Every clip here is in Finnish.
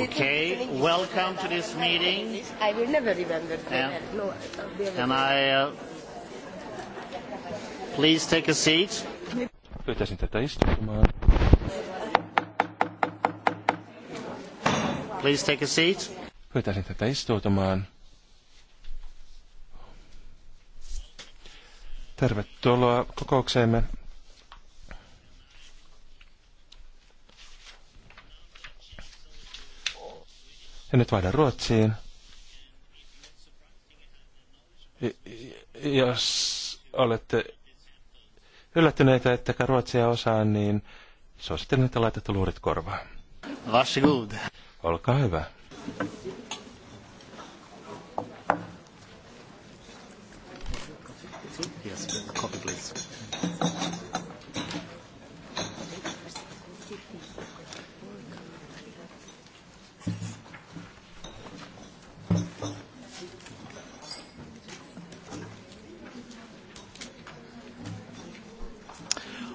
Okay, welcome to this meeting. I will never remember. And, no, and I, uh, please take a seat. Pyytäisin tätä istumaan. Please take a seat. Pyytäisin tätä istuutumaan. Tervetuloa kokoukseemme. nyt vaihdan Ruotsiin. Jos olette yllättyneitä, ettekä ruotsia osaa, niin suosittelen, että laitatte luurit korvaan. Varsågod. Olkaa hyvä. Yes, copy please.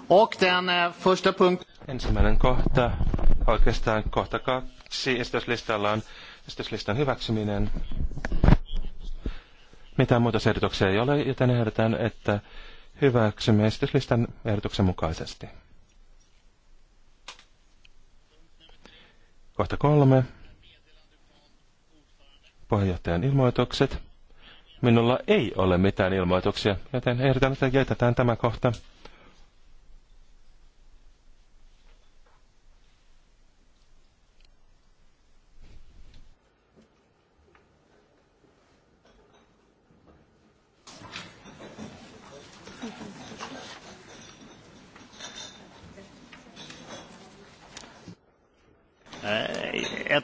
Och den eh, första punkt... Ensimmäinen kohta, oikeastaan kohta kaksi esityslistalla on esityslistan hyväksyminen. Mitään muutosehdotuksia ei ole, joten ehdotan, että hyväksymme esityslistan ehdotuksen mukaisesti. Kohta kolme. Puheenjohtajan ilmoitukset. Minulla ei ole mitään ilmoituksia, joten ehdotan, että jätetään tämä kohta.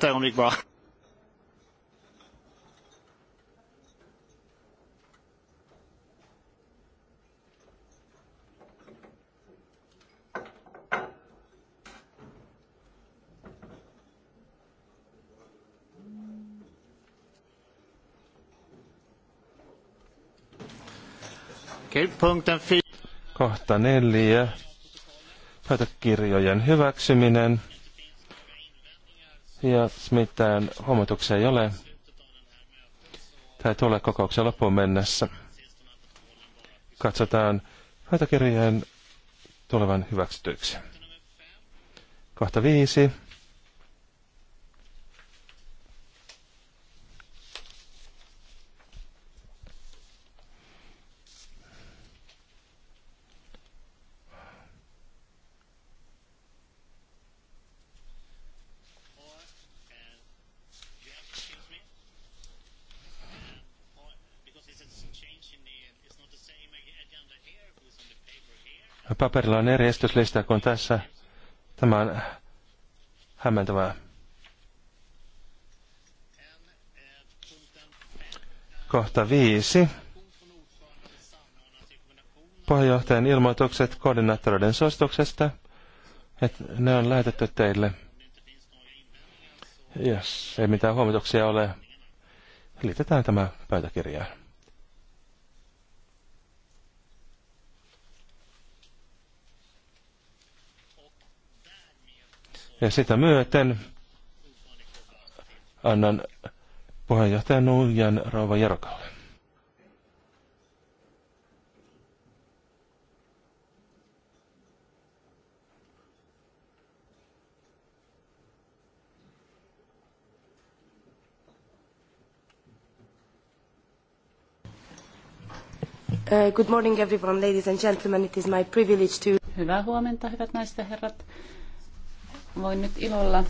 Ett ögonblick bara. Kohta neljä. Pöytäkirjojen hyväksyminen. Ja mitään huomautuksia ei ole. Tai tulee kokouksen loppuun mennessä. Katsotaan pöytäkirjeen tulevan hyväksytyksi. Kohta viisi. paperilla on eri estyslista kuin tässä. Tämä on hämmentävää. Kohta viisi. Puheenjohtajan ilmoitukset koordinaattoroiden suosituksesta. Että ne on lähetetty teille. Jos ei mitään huomituksia ole, liitetään tämä pöytäkirjaan. Ja sitä myöten annan puheenjohtajan Nuijan rouva Jarkalle. Uh, good morning everyone, ladies and gentlemen. It is my privilege to... Hyvää huomenta, hyvät naiset ja herrat voin nyt ilolla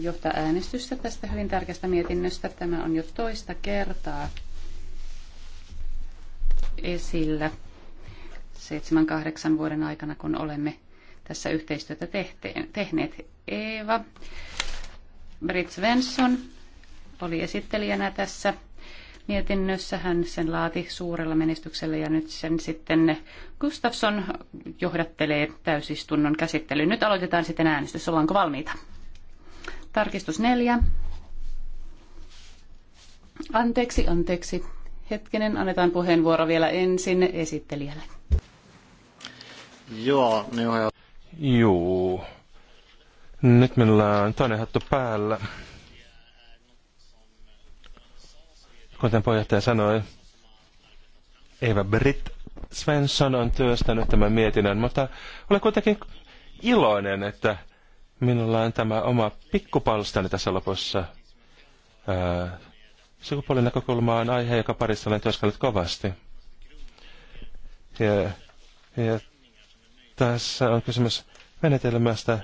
johtaa äänestystä tästä hyvin tärkeästä mietinnöstä. Tämä on jo toista kertaa esillä seitsemän kahdeksan vuoden aikana, kun olemme tässä yhteistyötä tehneet. Eeva Britt Svensson oli esittelijänä tässä mietinnössä. Hän sen laati suurella menestyksellä ja nyt sen sitten Gustafsson johdattelee täysistunnon käsittelyyn. Nyt aloitetaan sitten äänestys. Ollaanko valmiita? Tarkistus neljä. Anteeksi, anteeksi. Hetkinen, annetaan puheenvuoro vielä ensin esittelijälle. Joo, niin Joo. Nyt meillä on toinen hattu päällä. Kuten puheenjohtaja sanoi, Eva Britt Svensson on työstänyt tämän mietinnön, mutta olen kuitenkin iloinen, että minulla on tämä oma pikkupalstani tässä lopussa. Sukupuolen näkökulma on aihe, joka parissa olen työskennellyt kovasti. Ja, ja tässä on kysymys menetelmästä,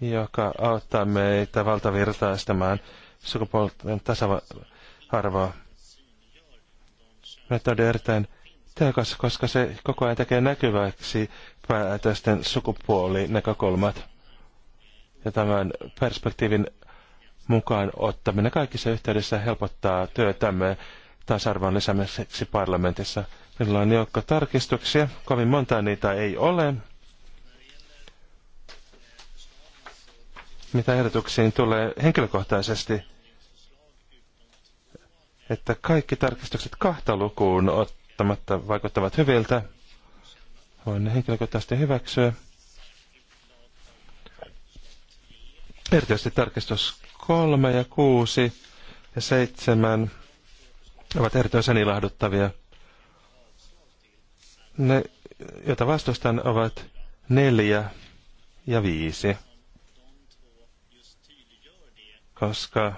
joka auttaa meitä valtavirtaistamaan sukupuolten tasa-arvoa metodi erittäin tehokas, koska se koko ajan tekee näkyväksi päätösten sukupuolinäkökulmat. Ja tämän perspektiivin mukaan ottaminen kaikissa yhteydessä helpottaa työtämme tasa-arvon lisäämiseksi parlamentissa. Meillä on joukko tarkistuksia, kovin monta niitä ei ole. Mitä ehdotuksiin tulee henkilökohtaisesti? että kaikki tarkistukset kahta lukuun ottamatta vaikuttavat hyviltä. Voin ne henkilökohtaisesti hyväksyä. Erityisesti tarkistus kolme ja kuusi ja seitsemän ovat erityisen ilahduttavia. Ne, joita vastustan, ovat neljä ja viisi. Koska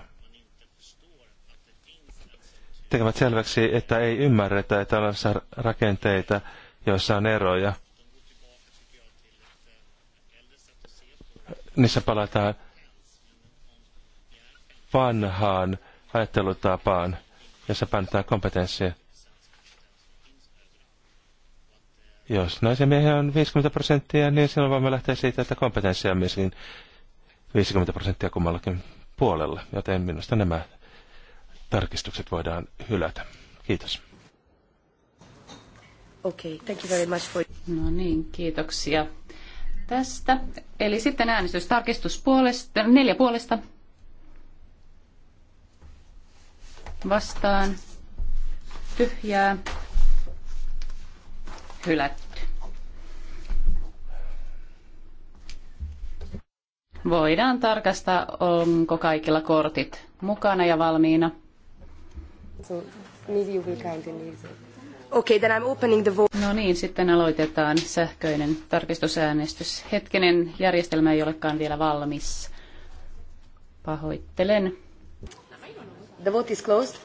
tekevät selväksi, että ei ymmärretä, tällaisia rakenteita, joissa on eroja. Niissä palataan vanhaan ajattelutapaan, jossa pannetaan kompetenssia. Jos naisen miehen on 50 prosenttia, niin silloin voimme lähteä siitä, että kompetenssia on myöskin 50 prosenttia kummallakin puolella, joten minusta nämä tarkistukset voidaan hylätä. Kiitos. Okay, thank you very much for... No niin, kiitoksia tästä. Eli sitten äänestys tarkistus puolesta, neljä puolesta. Vastaan. Tyhjää. Hylätty. Voidaan tarkastaa, onko kaikilla kortit mukana ja valmiina. So maybe you will Okay, then I'm opening the vote. No niin, sitten aloitetaan sähköinen tarkistusäänestys. Hetkinen, järjestelmä ei olekaan vielä valmis. Pahoittelen. The vote is closed.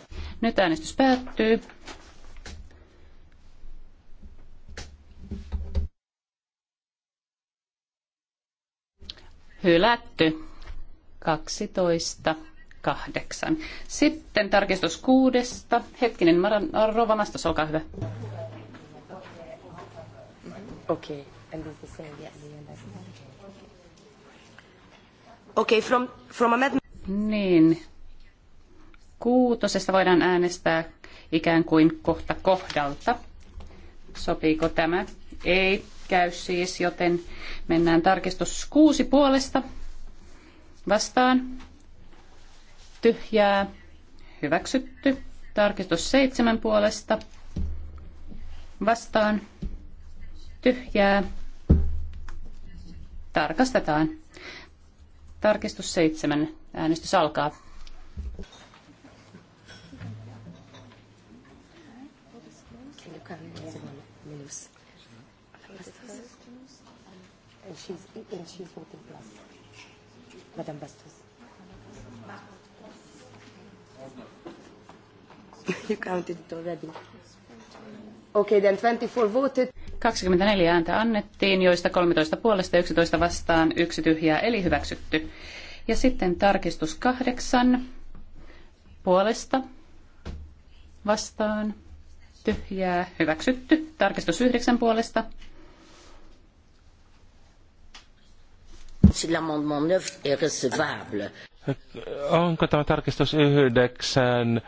Nyt äänestys päättyy. Hylätty. 12 kahdeksan. Sitten tarkistus kuudesta. Hetkinen, Rova Mastos, olkaa hyvä. Okei. Okay. Okei, uh, okay, from, from a Niin. Kuutosesta voidaan äänestää ikään kuin kohta kohdalta. Sopiiko tämä? Ei käy siis, joten mennään tarkistus kuusi puolesta vastaan tyhjää, hyväksytty. Tarkistus seitsemän puolesta, vastaan, tyhjää, tarkastetaan. Tarkistus seitsemän, äänestys alkaa. And she's, and she's voting plus. Madame Bastos. you counted it already. Okay, then 24 voted. 24 ääntä annettiin, joista 13 puolesta 11 vastaan, yksi tyhjää, eli hyväksytty. Ja sitten tarkistus kahdeksan puolesta vastaan, tyhjää, hyväksytty. Tarkistus yhdeksän puolesta. Onko tämä tarkistus yhdeksän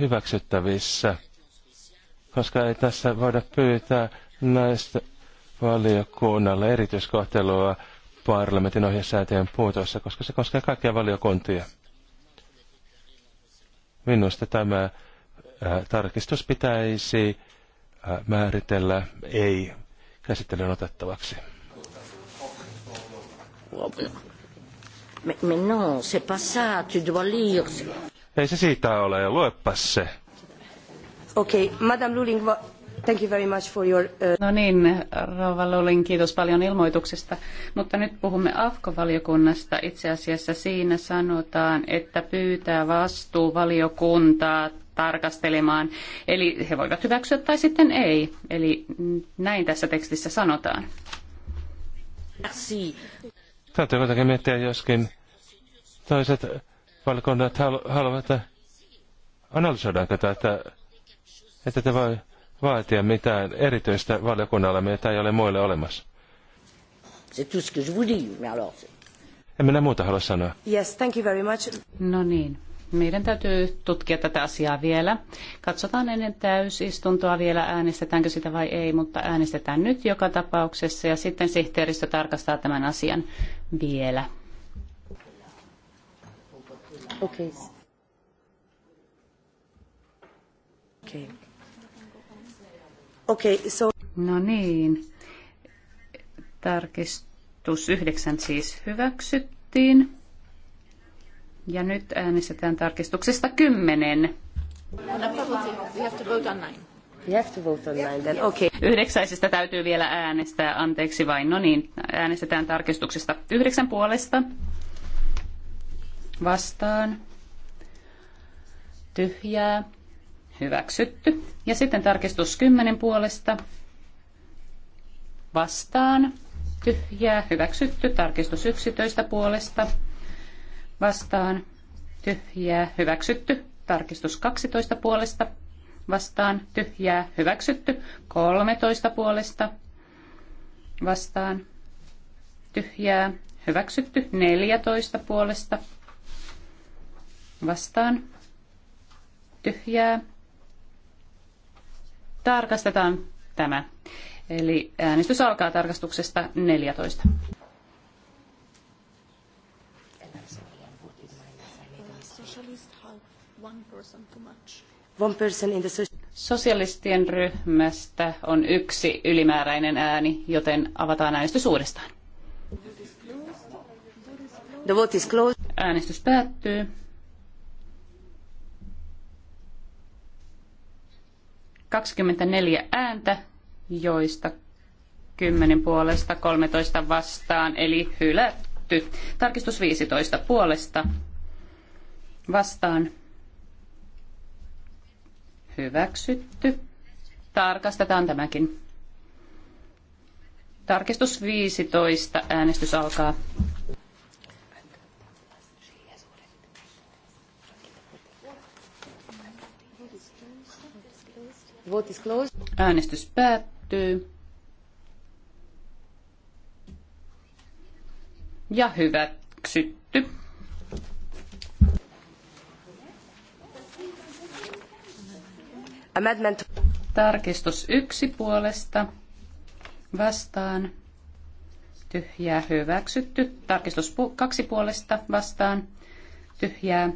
hyväksyttävissä, koska ei tässä voida pyytää näistä valiokunnalle erityiskohtelua parlamentin ohjesäätöjen puutossa, koska se koskee kaikkia valiokuntia. Minusta tämä tarkistus pitäisi määritellä ei käsittelyn otettavaksi. Mais non, c'est pas ça, tu dois lire. Ei se siitä ole, luepas se. Okei, okay, Madame Luling, thank you very much for your... Uh... No niin, Rouva Luling, kiitos paljon ilmoituksesta. Mutta nyt puhumme AFKO-valiokunnasta. Itse asiassa siinä sanotaan, että pyytää vastuuvaliokuntaa tarkastelemaan. Eli he voivat hyväksyä tai sitten ei. Eli näin tässä tekstissä sanotaan. Merci. Täytyy kuitenkin miettiä joskin toiset valiokunnat haluavat, äh, että analysoidaanko tätä, että te voi vaatia mitään erityistä valiokunnalle, mitä ei ole muille olemassa. C'est tout ce que je vous dis, mais alors... En minä muuta halua sanoa. Yes, thank you very much. No niin, meidän täytyy tutkia tätä asiaa vielä. Katsotaan ennen täysistuntoa vielä, äänestetäänkö sitä vai ei, mutta äänestetään nyt joka tapauksessa ja sitten sihteeristö tarkastaa tämän asian vielä. Okay. Okay. Okay, so... No niin. Tarkistus yhdeksän siis hyväksyttiin. Ja nyt äänestetään tarkistuksesta kymmenen. Okay. Yhdeksäisestä täytyy vielä äänestää, anteeksi vain. No niin, äänestetään tarkistuksesta yhdeksän puolesta vastaan, tyhjää, hyväksytty. Ja sitten tarkistus 10 puolesta, vastaan, tyhjää, hyväksytty. Tarkistus 11 puolesta, vastaan, tyhjää, hyväksytty. Tarkistus 12 puolesta, vastaan, tyhjää, hyväksytty. 13 puolesta, vastaan, tyhjää, hyväksytty. 14 puolesta, vastaan tyhjää. Tarkastetaan tämä. Eli äänestys alkaa tarkastuksesta 14. Sosialistien ryhmästä on yksi ylimääräinen ääni, joten avataan äänestys uudestaan. Äänestys päättyy. 24 ääntä, joista 10 puolesta 13 vastaan, eli hylätty. Tarkistus 15 puolesta vastaan hyväksytty. Tarkastetaan tämäkin. Tarkistus 15. Äänestys alkaa. Vote is closed. Äänestys päättyy. Ja hyväksytty. Amendment. Tarkistus yksi puolesta. Vastaan. Tyhjää hyväksytty. Tarkistus kaksi puolesta. Vastaan. Tyhjää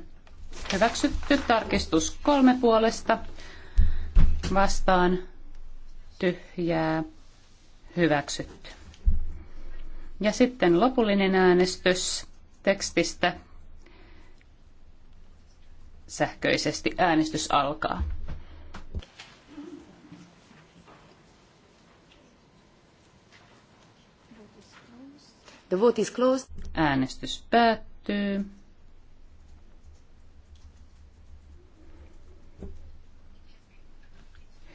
hyväksytty. Tarkistus kolme puolesta vastaan tyhjää hyväksytty. Ja sitten lopullinen äänestys tekstistä. Sähköisesti äänestys alkaa. The vote is closed. Äänestys päättyy.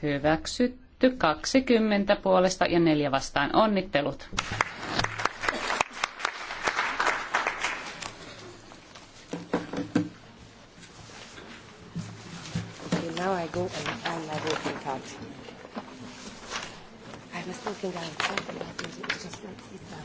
hyväksytty 20 puolesta ja neljä vastaan. Onnittelut. Okay, now I go and I was thinking just down.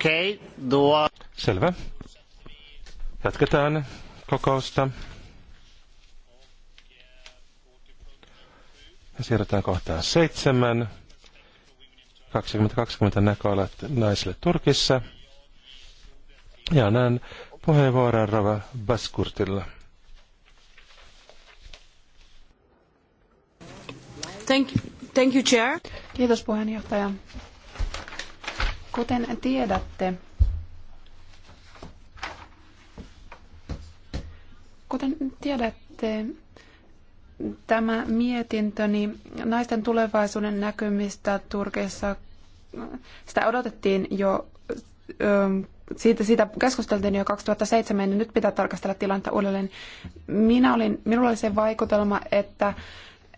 Okei, okay, tuo... Selvä. Jatketaan kokousta. Ja siirrytään kohtaan seitsemän. 2020 näköalat naisille Turkissa. Ja näen puheenvuoron Rava Baskurtilla. Thank, thank you, Chair. Kiitos puheenjohtaja. Kuten tiedätte, kuten tiedätte, tämä mietintöni naisten tulevaisuuden näkymistä Turkissa, sitä odotettiin jo, siitä, siitä keskusteltiin jo 2007, niin nyt pitää tarkastella tilannetta uudelleen. Minä olin, minulla oli se vaikutelma, että,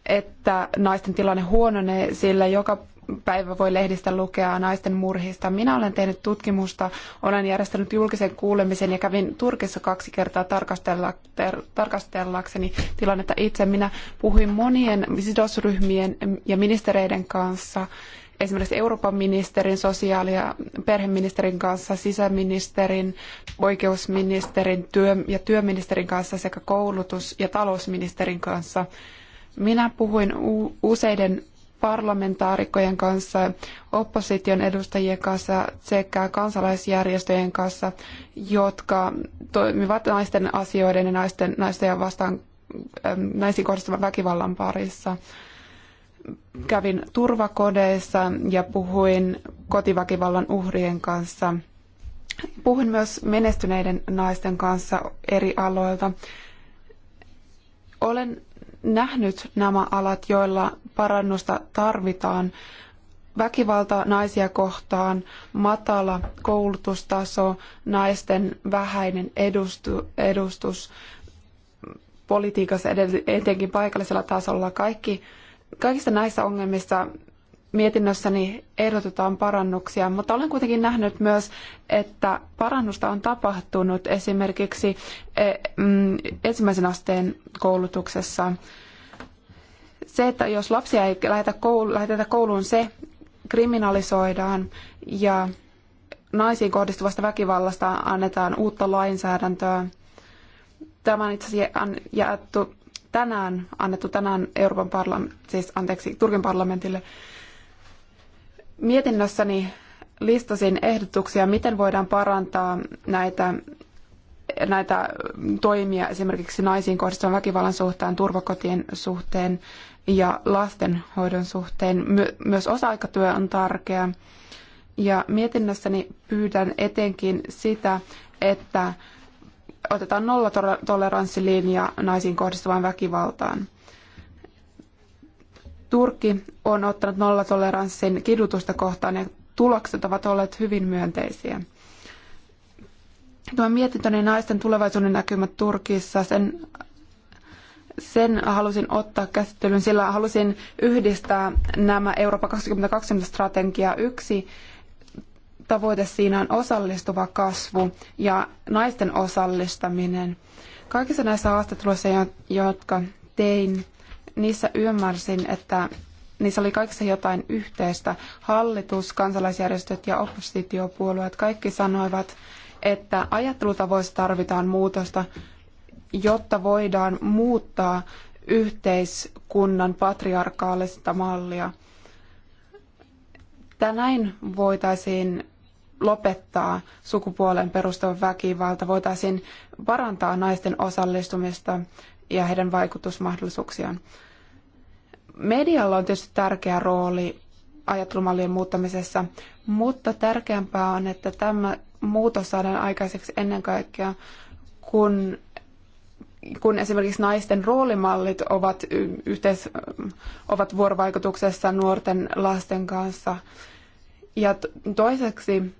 että naisten tilanne huononee, sillä joka päivä voi lehdistä lukea naisten murhista. Minä olen tehnyt tutkimusta, olen järjestänyt julkisen kuulemisen ja kävin Turkissa kaksi kertaa tarkastella, ter, tarkastellakseni tilannetta itse. Minä puhuin monien sidosryhmien ja ministereiden kanssa, esimerkiksi Euroopan ministerin, sosiaali- ja perheministerin kanssa, sisäministerin, oikeusministerin työ, ja työministerin kanssa sekä koulutus- ja talousministerin kanssa. Minä puhuin useiden parlamentaarikkojen kanssa, opposition edustajien kanssa sekä kansalaisjärjestöjen kanssa, jotka toimivat naisten asioiden ja naisten, naisten vastaan naisiin kohdistuvan väkivallan parissa. Kävin turvakodeissa ja puhuin kotiväkivallan uhrien kanssa. Puhuin myös menestyneiden naisten kanssa eri aloilta. Olen nähnyt nämä alat, joilla parannusta tarvitaan. Väkivalta naisia kohtaan, matala koulutustaso, naisten vähäinen edustu, edustus politiikassa, etenkin paikallisella tasolla. Kaikki, kaikista näistä ongelmista mietinnössäni ehdotetaan parannuksia, mutta olen kuitenkin nähnyt myös, että parannusta on tapahtunut esimerkiksi e, mm, ensimmäisen asteen koulutuksessa. Se, että jos lapsia ei lähetetä kouluun, se kriminalisoidaan ja naisiin kohdistuvasta väkivallasta annetaan uutta lainsäädäntöä. Tämä on itse asiassa jaettu tänään, annettu tänään Euroopan parlament, siis anteeksi, Turkin parlamentille. Mietinnössäni listasin ehdotuksia, miten voidaan parantaa näitä, näitä toimia esimerkiksi naisiin kohdistuvan väkivallan suhteen, turvakotien suhteen ja lastenhoidon suhteen. My- myös osa-aikatyö on tärkeä. Ja mietinnössäni pyydän etenkin sitä, että otetaan nollatoleranssilinja naisiin kohdistuvaan väkivaltaan. Turkki on ottanut nollatoleranssin kidutusta kohtaan ja tulokset ovat olleet hyvin myönteisiä. Tuo mietintöni naisten tulevaisuuden näkymät Turkissa, sen, sen halusin ottaa käsittelyyn, sillä halusin yhdistää nämä Eurooppa 2020 strategia yksi tavoite siinä on osallistuva kasvu ja naisten osallistaminen. Kaikissa näissä haastatteluissa, jotka tein, Niissä ymmärsin, että niissä oli kaikissa jotain yhteistä. Hallitus, kansalaisjärjestöt ja oppositiopuolueet kaikki sanoivat, että ajattelutavoissa tarvitaan muutosta, jotta voidaan muuttaa yhteiskunnan patriarkaalista mallia. Tänäin voitaisiin lopettaa sukupuolen perustuva väkivalta, voitaisiin parantaa naisten osallistumista ja heidän vaikutusmahdollisuuksiaan. Medialla on tietysti tärkeä rooli ajattelumallien muuttamisessa, mutta tärkeämpää on, että tämä muutos saadaan aikaiseksi ennen kaikkea, kun, kun esimerkiksi naisten roolimallit ovat, yhteis, ovat vuorovaikutuksessa nuorten lasten kanssa. Ja toiseksi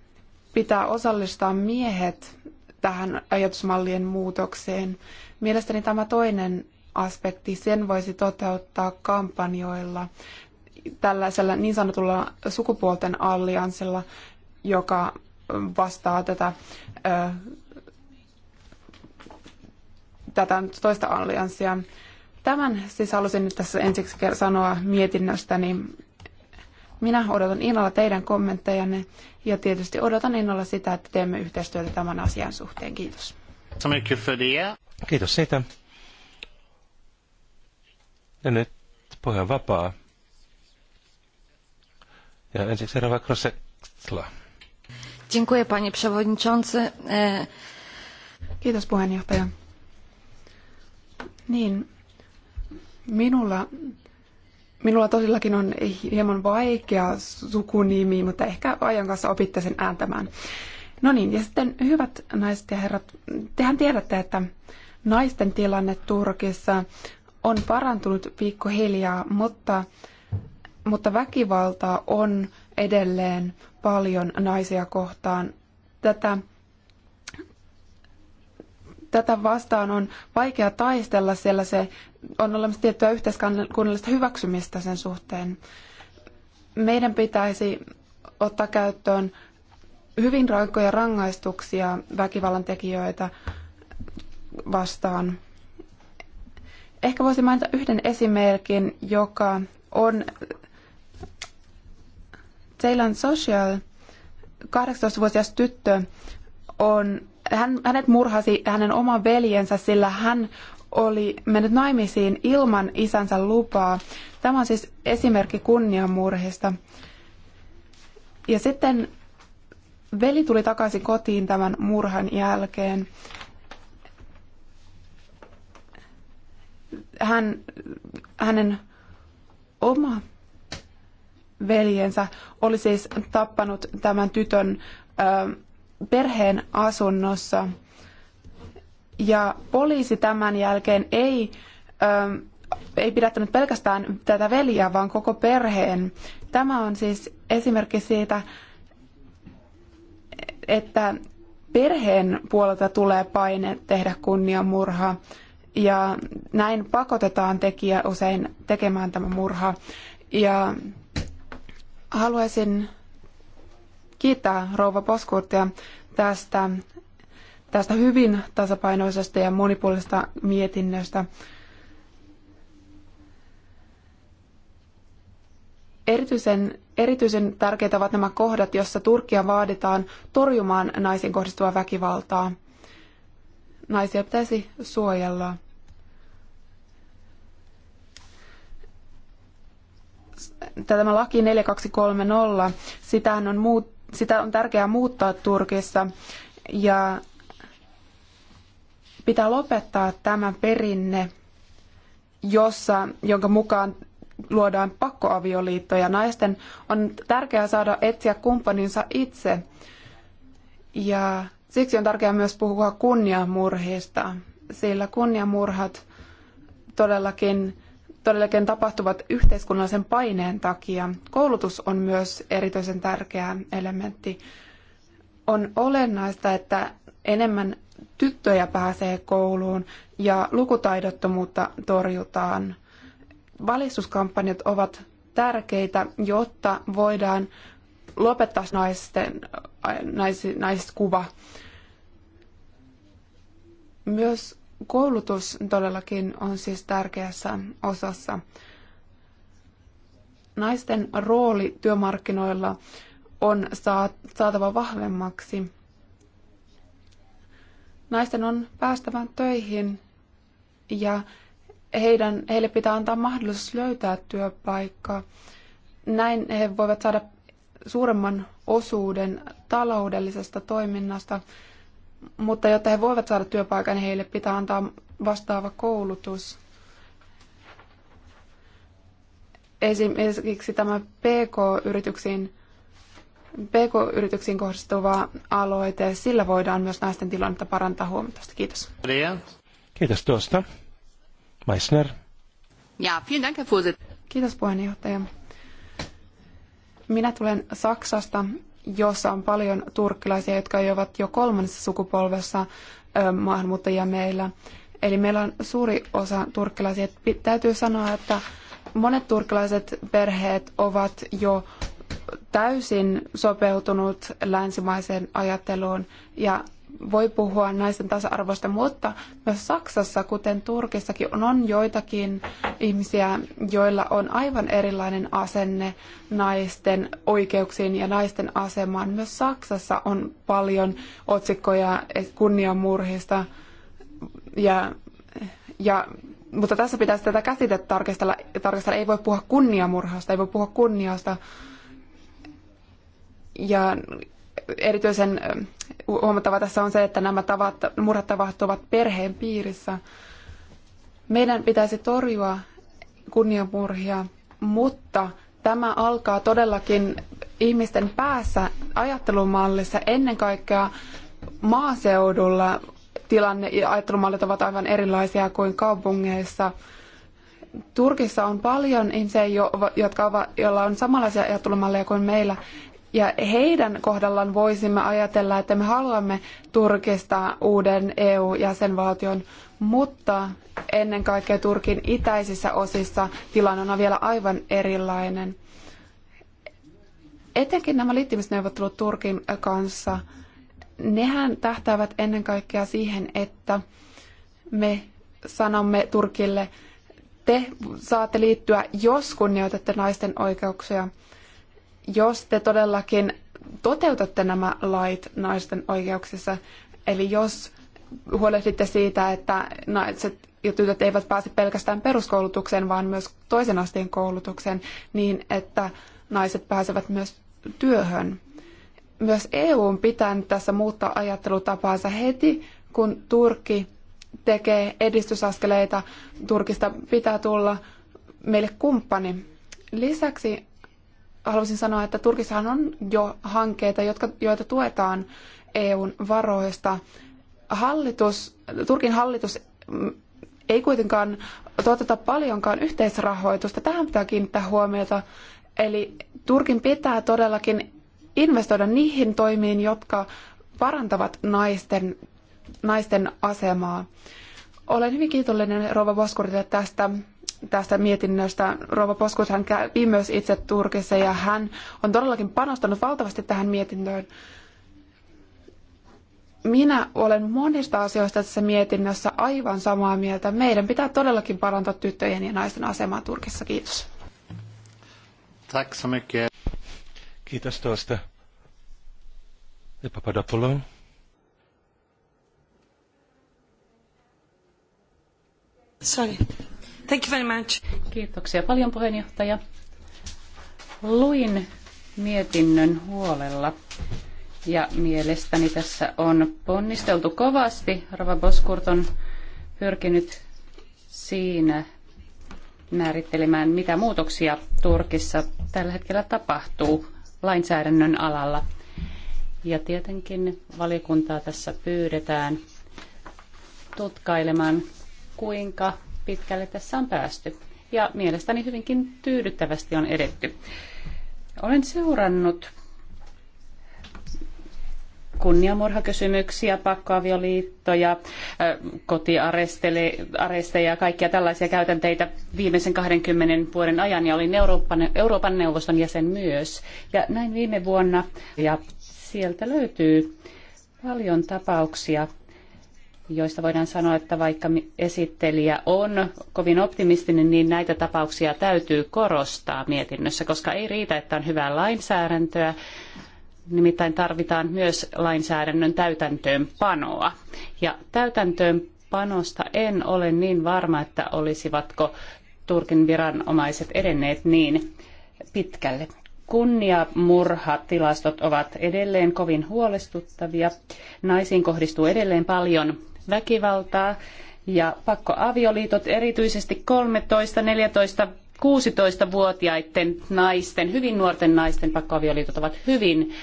pitää osallistaa miehet tähän ajatusmallien muutokseen. Mielestäni tämä toinen aspekti, sen voisi toteuttaa kampanjoilla, tällaisella niin sanotulla sukupuolten allianssilla, joka vastaa tätä, ö, tätä toista allianssia. Tämän siis halusin nyt tässä ensiksi sanoa mietinnöstäni. Minä odotan innolla teidän kommenttejanne ja tietysti odotan innolla sitä, että teemme yhteistyötä tämän asian suhteen. Kiitos. Kiitos siitä. Ja nyt pohja vapaa. Ja ensiksi Rava Krosekla. Dziękuję, panie przewodniczący. E, Kiitos, puheenjohtaja. Niin, minulla, minulla tosillakin on hieman vaikea sukunimi, mutta ehkä ajan kanssa opitte sen ääntämään. No niin, ja sitten hyvät naiset ja herrat, tehän tiedätte, että Naisten tilanne Turkissa on parantunut pikkuhiljaa, mutta, mutta väkivaltaa on edelleen paljon naisia kohtaan. Tätä, tätä vastaan on vaikea taistella, siellä se on olemassa tiettyä yhteiskunnallista hyväksymistä sen suhteen. Meidän pitäisi ottaa käyttöön hyvin rankkoja rangaistuksia väkivallan tekijöitä vastaan. Ehkä voisin mainita yhden esimerkin, joka on Ceylan Social, 18-vuotias tyttö, on, hän, hänet murhasi hänen oma veljensä, sillä hän oli mennyt naimisiin ilman isänsä lupaa. Tämä on siis esimerkki kunniamurhista. Ja sitten veli tuli takaisin kotiin tämän murhan jälkeen. hän, hänen oma veljensä oli siis tappanut tämän tytön ö, perheen asunnossa. Ja poliisi tämän jälkeen ei, ö, ei pidättänyt pelkästään tätä veljeä, vaan koko perheen. Tämä on siis esimerkki siitä, että perheen puolelta tulee paine tehdä kunniamurhaa. murha ja näin pakotetaan tekijä usein tekemään tämä murha. Ja haluaisin kiittää rouva Poskurtia tästä, tästä hyvin tasapainoisesta ja monipuolisesta mietinnöstä. Erityisen, erityisen tärkeitä ovat nämä kohdat, joissa Turkia vaaditaan torjumaan naisiin kohdistuvaa väkivaltaa – naisia pitäisi suojella. Tämä laki 4230, on muut, sitä on tärkeää muuttaa Turkissa ja pitää lopettaa tämä perinne, jossa, jonka mukaan luodaan pakkoavioliittoja. Naisten on tärkeää saada etsiä kumppaninsa itse. Ja Siksi on tärkeää myös puhua kunniamurhista, sillä kunniamurhat todellakin, todellakin tapahtuvat yhteiskunnallisen paineen takia. Koulutus on myös erityisen tärkeä elementti. On olennaista, että enemmän tyttöjä pääsee kouluun ja lukutaidottomuutta torjutaan. Valistuskampanjat ovat tärkeitä, jotta voidaan lopettaa naisten, nais, naiskuva. Myös koulutus todellakin on siis tärkeässä osassa. Naisten rooli työmarkkinoilla on saatava vahvemmaksi. Naisten on päästävä töihin ja heidän, heille pitää antaa mahdollisuus löytää työpaikka. Näin he voivat saada suuremman osuuden taloudellisesta toiminnasta mutta jotta he voivat saada työpaikan, heille pitää antaa vastaava koulutus. Esimerkiksi tämä PK-yrityksiin PK-yrityksiin kohdistuva aloite, sillä voidaan myös naisten tilannetta parantaa huomattavasti. Kiitos. Kiitos tuosta. Meissner. Ja, vielen Dank, Herr Kiitos puheenjohtaja. Minä tulen Saksasta jossa on paljon turkkilaisia, jotka ovat jo kolmannessa sukupolvessa maahanmuuttajia meillä. Eli meillä on suuri osa turkkilaisia. Täytyy sanoa, että monet turkkilaiset perheet ovat jo täysin sopeutunut länsimaiseen ajatteluun ja voi puhua naisten tasa-arvosta, mutta myös Saksassa, kuten Turkissakin, on joitakin ihmisiä, joilla on aivan erilainen asenne naisten oikeuksiin ja naisten asemaan. Myös Saksassa on paljon otsikkoja kunniamurhista, ja, ja, mutta tässä pitäisi tätä käsitettä tarkistella. tarkistella. Ei voi puhua kunniamurhasta, ei voi puhua kunniasta. Ja erityisen huomattava tässä on se, että nämä tavat, murhat tapahtuvat perheen piirissä. Meidän pitäisi torjua kunniamurhia, mutta tämä alkaa todellakin ihmisten päässä ajattelumallissa ennen kaikkea maaseudulla tilanne ja ajattelumallit ovat aivan erilaisia kuin kaupungeissa. Turkissa on paljon ihmisiä, jotka ovat, joilla on samanlaisia ajattelumalleja kuin meillä. Ja heidän kohdallaan voisimme ajatella, että me haluamme Turkista uuden EU-jäsenvaltion, mutta ennen kaikkea Turkin itäisissä osissa tilanne on vielä aivan erilainen. Etenkin nämä liittymisneuvottelut Turkin kanssa, nehän tähtäävät ennen kaikkea siihen, että me sanomme Turkille, te saatte liittyä, jos kunnioitatte naisten oikeuksia – jos te todellakin toteutatte nämä lait naisten oikeuksissa, eli jos huolehditte siitä, että naiset ja tytöt eivät pääse pelkästään peruskoulutukseen, vaan myös toisen asteen koulutukseen, niin että naiset pääsevät myös työhön. Myös EU pitää nyt tässä muuttaa ajattelutapaansa heti, kun Turkki tekee edistysaskeleita. Turkista pitää tulla meille kumppani. Lisäksi haluaisin sanoa, että Turkissahan on jo hankkeita, jotka, joita tuetaan EUn varoista. Hallitus, Turkin hallitus mm, ei kuitenkaan tuoteta paljonkaan yhteisrahoitusta. Tähän pitää kiinnittää huomiota. Eli Turkin pitää todellakin investoida niihin toimiin, jotka parantavat naisten, naisten asemaa. Olen hyvin kiitollinen Rova Boskurille tästä tästä mietinnöstä. Rova Poskus, hän kävi myös itse Turkissa ja hän on todellakin panostanut valtavasti tähän mietintöön. Minä olen monista asioista tässä mietinnössä aivan samaa mieltä. Meidän pitää todellakin parantaa tyttöjen ja naisten asemaa Turkissa. Kiitos. Kiitos tuosta. Ja Sorry. Thank you very much. Kiitoksia paljon puheenjohtaja. Luin mietinnön huolella ja mielestäni tässä on ponnisteltu kovasti. Rova Boskurt on pyrkinyt siinä määrittelemään, mitä muutoksia Turkissa tällä hetkellä tapahtuu lainsäädännön alalla. Ja tietenkin valiokuntaa tässä pyydetään tutkailemaan, kuinka pitkälle tässä on päästy. Ja mielestäni hyvinkin tyydyttävästi on edetty. Olen seurannut kunniamurhakysymyksiä, pakkoavioliittoja, kotiaresteja ja kaikkia tällaisia käytänteitä viimeisen 20 vuoden ajan ja olin Euroopan, Euroopan neuvoston jäsen myös. Ja näin viime vuonna ja sieltä löytyy paljon tapauksia, joista voidaan sanoa, että vaikka esittelijä on kovin optimistinen, niin näitä tapauksia täytyy korostaa mietinnössä, koska ei riitä, että on hyvää lainsäädäntöä, nimittäin tarvitaan myös lainsäädännön täytäntöönpanoa. Ja täytäntöönpanosta en ole niin varma, että olisivatko Turkin viranomaiset edenneet niin pitkälle. Kunniamurhatilastot ovat edelleen kovin huolestuttavia. Naisiin kohdistuu edelleen paljon väkivaltaa ja pakkoavioliitot erityisesti 13, 14, 16-vuotiaiden naisten, hyvin nuorten naisten pakkoavioliitot ovat hyvin,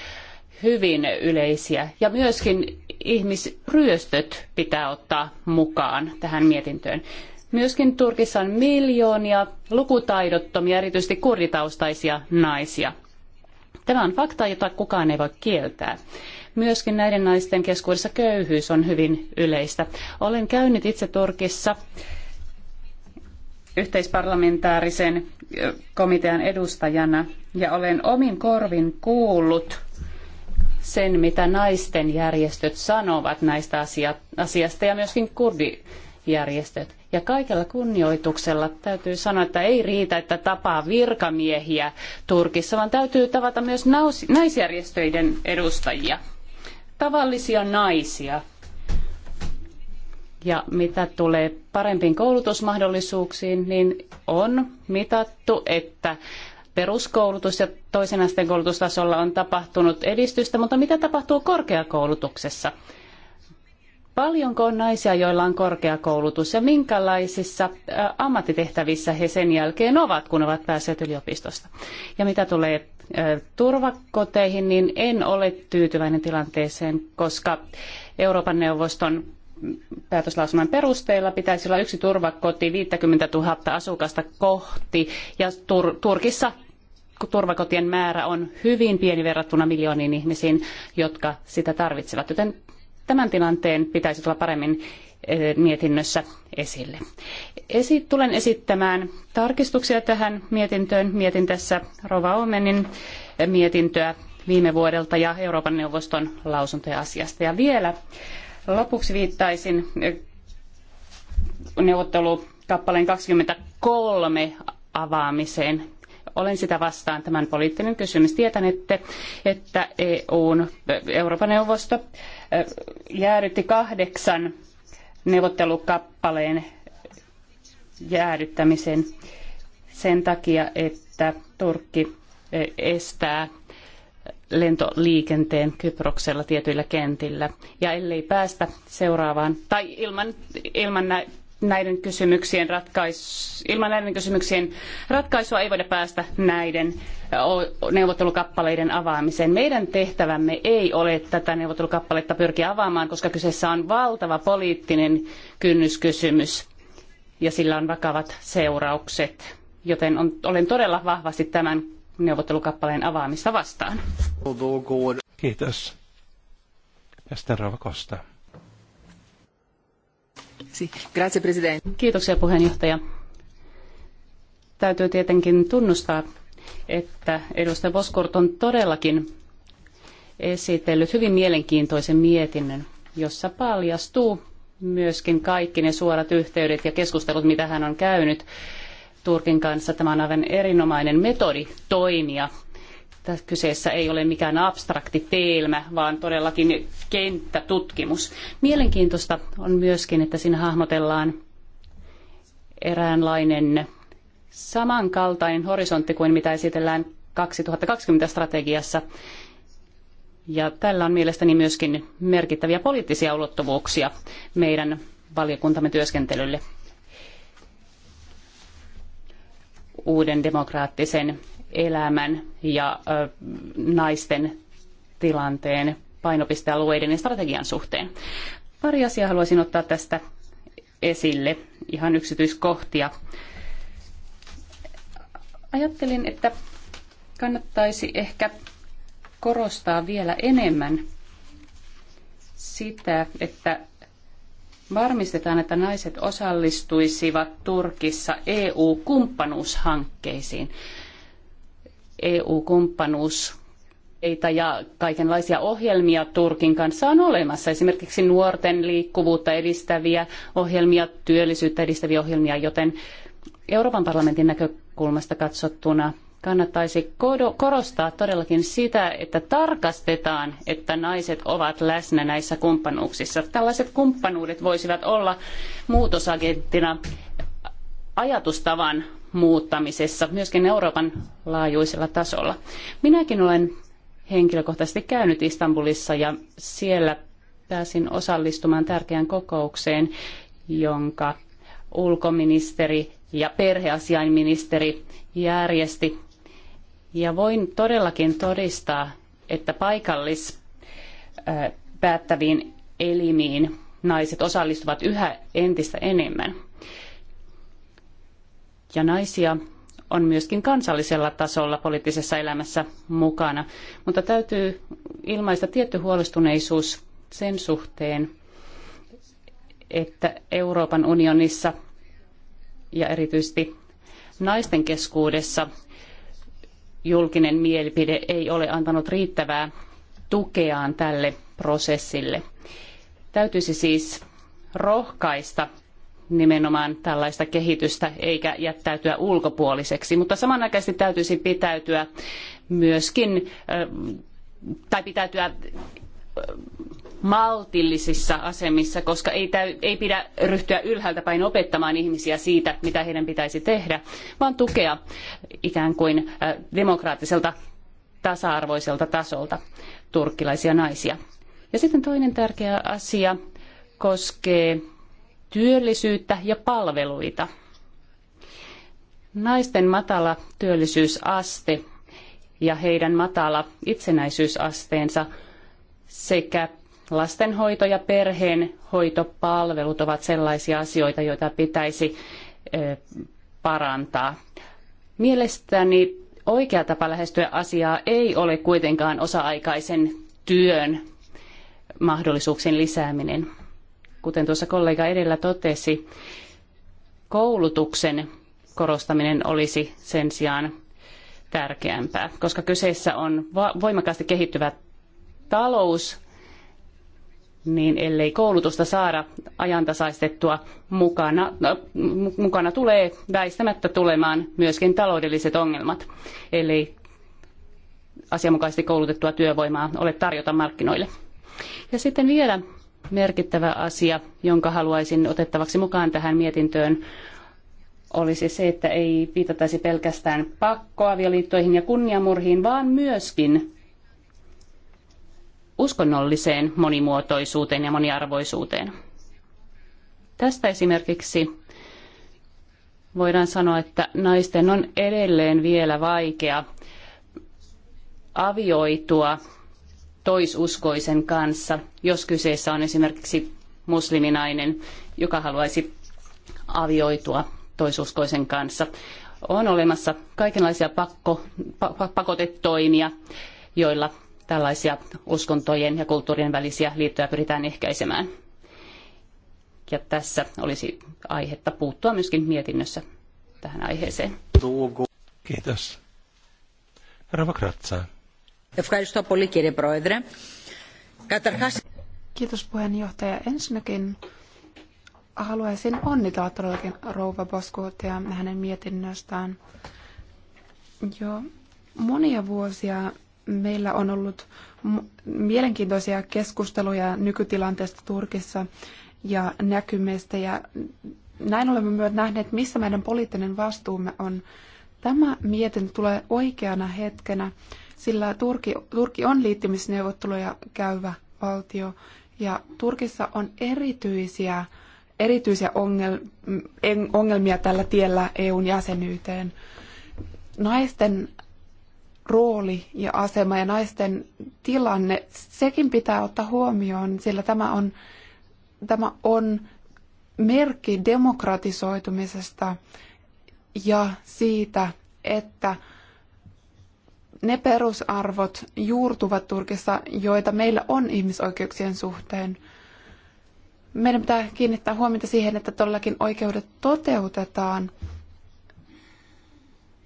hyvin yleisiä. Ja myöskin ihmisryöstöt pitää ottaa mukaan tähän mietintöön. Myöskin Turkissa on miljoonia lukutaidottomia, erityisesti kurditaustaisia naisia. Tämä on fakta, jota kukaan ei voi kieltää myöskin näiden naisten keskuudessa köyhyys on hyvin yleistä. Olen käynyt itse Turkissa yhteisparlamentaarisen komitean edustajana ja olen omin korvin kuullut sen, mitä naisten järjestöt sanovat näistä asiasta ja myöskin kurdijärjestöt. Ja kaikella kunnioituksella täytyy sanoa, että ei riitä, että tapaa virkamiehiä Turkissa, vaan täytyy tavata myös naisjärjestöiden edustajia tavallisia naisia. Ja mitä tulee parempiin koulutusmahdollisuuksiin, niin on mitattu, että peruskoulutus ja toisen asteen koulutustasolla on tapahtunut edistystä, mutta mitä tapahtuu korkeakoulutuksessa? Paljonko on naisia, joilla on korkeakoulutus ja minkälaisissa ammattitehtävissä he sen jälkeen ovat, kun ovat päässeet yliopistosta? Ja mitä tulee turvakoteihin, niin en ole tyytyväinen tilanteeseen, koska Euroopan neuvoston päätöslausuman perusteella pitäisi olla yksi turvakoti 50 000 asukasta kohti ja Tur- Turkissa turvakotien määrä on hyvin pieni verrattuna miljooniin ihmisiin, jotka sitä tarvitsevat, joten tämän tilanteen pitäisi tulla paremmin mietinnössä esille. Esi- tulen esittämään tarkistuksia tähän mietintöön. Mietin tässä Rova Omenin mietintöä viime vuodelta ja Euroopan neuvoston lausuntoja asiasta. Ja vielä lopuksi viittaisin neuvottelukappaleen 23 avaamiseen olen sitä vastaan tämän poliittinen kysymys. Tietänette, että EUn, e Euroopan neuvosto jäädytti kahdeksan neuvottelukappaleen jäädyttämisen sen takia, että Turkki eh, estää lentoliikenteen Kyproksella tietyillä kentillä. Ja ellei päästä seuraavaan, tai ilman, ilman näitä näiden kysymyksien ratkaisu ilman näiden kysymyksien ratkaisua ei voida päästä näiden neuvottelukappaleiden avaamiseen. Meidän tehtävämme ei ole tätä neuvottelukappaletta pyrkiä avaamaan, koska kyseessä on valtava poliittinen kynnyskysymys ja sillä on vakavat seuraukset. Joten on, olen todella vahvasti tämän neuvottelukappaleen avaamista vastaan. Kiitos. Ja sitten Kiitoksia puheenjohtaja. Täytyy tietenkin tunnustaa, että edustaja Voskort on todellakin esitellyt hyvin mielenkiintoisen mietinnön, jossa paljastuu myöskin kaikki ne suorat yhteydet ja keskustelut, mitä hän on käynyt Turkin kanssa. Tämä on aivan erinomainen metodi toimia tässä kyseessä ei ole mikään abstrakti teelmä, vaan todellakin kenttätutkimus. Mielenkiintoista on myöskin, että siinä hahmotellaan eräänlainen samankaltainen horisontti kuin mitä esitellään 2020-strategiassa. Ja tällä on mielestäni myöskin merkittäviä poliittisia ulottuvuuksia meidän valiokuntamme työskentelylle uuden demokraattisen elämän ja naisten tilanteen painopistealueiden ja strategian suhteen. Pari asiaa haluaisin ottaa tästä esille, ihan yksityiskohtia. Ajattelin, että kannattaisi ehkä korostaa vielä enemmän sitä, että varmistetaan, että naiset osallistuisivat Turkissa EU-kumppanuushankkeisiin. EU-kumppanuus ja kaikenlaisia ohjelmia Turkin kanssa on olemassa. Esimerkiksi nuorten liikkuvuutta edistäviä ohjelmia, työllisyyttä edistäviä ohjelmia, joten Euroopan parlamentin näkökulmasta katsottuna kannattaisi korostaa todellakin sitä, että tarkastetaan, että naiset ovat läsnä näissä kumppanuuksissa. Tällaiset kumppanuudet voisivat olla muutosagenttina ajatustavan muuttamisessa, myöskin Euroopan laajuisella tasolla. Minäkin olen henkilökohtaisesti käynyt Istanbulissa ja siellä pääsin osallistumaan tärkeään kokoukseen, jonka ulkoministeri ja perheasiainministeri järjesti. Ja voin todellakin todistaa, että paikallis päättäviin elimiin naiset osallistuvat yhä entistä enemmän ja naisia on myöskin kansallisella tasolla poliittisessa elämässä mukana. Mutta täytyy ilmaista tietty huolestuneisuus sen suhteen, että Euroopan unionissa ja erityisesti naisten keskuudessa julkinen mielipide ei ole antanut riittävää tukeaan tälle prosessille. Täytyisi siis rohkaista nimenomaan tällaista kehitystä eikä jättäytyä ulkopuoliseksi. Mutta samanaikaisesti täytyisi pitäytyä myöskin tai pitäytyä maltillisissa asemissa, koska ei, täy, ei pidä ryhtyä ylhäältä päin opettamaan ihmisiä siitä, mitä heidän pitäisi tehdä, vaan tukea ikään kuin demokraattiselta tasa-arvoiselta tasolta turkkilaisia naisia. Ja sitten toinen tärkeä asia koskee työllisyyttä ja palveluita. Naisten matala työllisyysaste ja heidän matala itsenäisyysasteensa sekä lastenhoito ja perheenhoitopalvelut ovat sellaisia asioita, joita pitäisi parantaa. Mielestäni oikea tapa lähestyä asiaa ei ole kuitenkaan osa-aikaisen työn mahdollisuuksien lisääminen kuten tuossa kollega edellä totesi, koulutuksen korostaminen olisi sen sijaan tärkeämpää, koska kyseessä on voimakkaasti kehittyvä talous, niin ellei koulutusta saada ajantasaistettua mukana, no, mukana tulee väistämättä tulemaan myöskin taloudelliset ongelmat, ellei asianmukaisesti koulutettua työvoimaa ole tarjota markkinoille. Ja sitten vielä merkittävä asia, jonka haluaisin otettavaksi mukaan tähän mietintöön, olisi se, että ei viitataisi pelkästään pakkoavioliittoihin ja kunniamurhiin, vaan myöskin uskonnolliseen monimuotoisuuteen ja moniarvoisuuteen. Tästä esimerkiksi voidaan sanoa, että naisten on edelleen vielä vaikea avioitua toisuskoisen kanssa, jos kyseessä on esimerkiksi musliminainen, joka haluaisi avioitua toisuskoisen kanssa. On olemassa kaikenlaisia pakko, pakotetoimia, joilla tällaisia uskontojen ja kulttuurien välisiä liittoja pyritään ehkäisemään. Ja tässä olisi aihetta puuttua myöskin mietinnössä tähän aiheeseen. Kiitos. Rava Ευχαριστώ πολύ κύριε Πρόεδρε. Καταρχάς... Ensinnäkin haluaisin onnitella todellakin rouva Boskuutia hänen mietinnöstään. Jo monia vuosia meillä on ollut mielenkiintoisia keskusteluja nykytilanteesta Turkissa ja näkymistä. Ja näin olemme myös nähneet, missä meidän poliittinen vastuumme on. Tämä mietintö tulee oikeana hetkenä, sillä Turki, Turki on liittymisneuvotteluja käyvä valtio ja Turkissa on erityisiä, erityisiä ongel, ongelmia tällä tiellä EUn jäsenyyteen. Naisten rooli ja asema ja naisten tilanne, sekin pitää ottaa huomioon, sillä tämä on, tämä on merkki demokratisoitumisesta ja siitä, että ne perusarvot juurtuvat Turkissa, joita meillä on ihmisoikeuksien suhteen. Meidän pitää kiinnittää huomiota siihen, että todellakin oikeudet toteutetaan.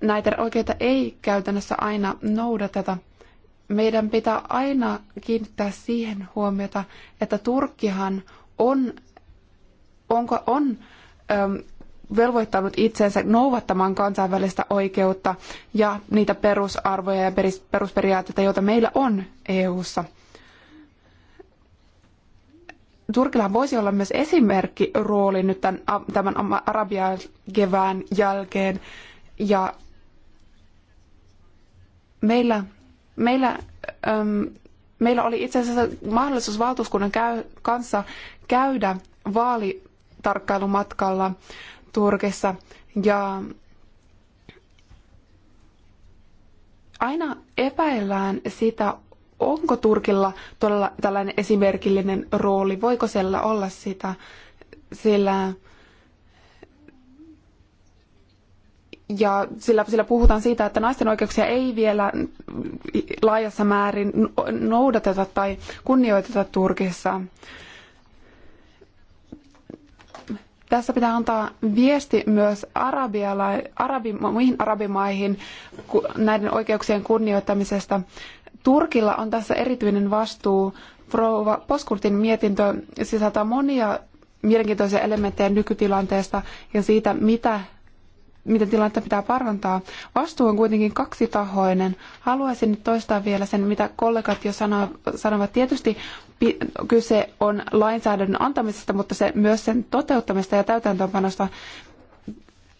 Näitä oikeita ei käytännössä aina noudateta. Meidän pitää aina kiinnittää siihen huomiota, että Turkkihan on, onko, on velvoittanut itsensä noudattamaan kansainvälistä oikeutta ja niitä perusarvoja ja perusperiaatteita, joita meillä on EU:ssa. Turkilla voisi olla myös esimerkki rooli nyt tämän, tämän Arabian kevään jälkeen. Ja meillä, meillä, äm, meillä oli itse asiassa mahdollisuus valtuuskunnan käy, kanssa käydä vaalitarkkailumatkalla. matkalla Turkissa. Ja aina epäillään sitä, onko Turkilla todella tällainen esimerkillinen rooli, voiko siellä olla sitä, sillä ja sillä, sillä puhutaan siitä, että naisten oikeuksia ei vielä laajassa määrin noudateta tai kunnioiteta Turkissa tässä pitää antaa viesti myös arabiala, arabi, muihin arabimaihin näiden oikeuksien kunnioittamisesta. Turkilla on tässä erityinen vastuu. Prova Poskurtin mietintö sisältää monia mielenkiintoisia elementtejä nykytilanteesta ja siitä, mitä miten tilannetta pitää parantaa. Vastuu on kuitenkin kaksitahoinen. Haluaisin nyt toistaa vielä sen, mitä kollegat jo sanovat. Tietysti kyse on lainsäädännön antamisesta, mutta se, myös sen toteuttamista ja täytäntöönpanosta.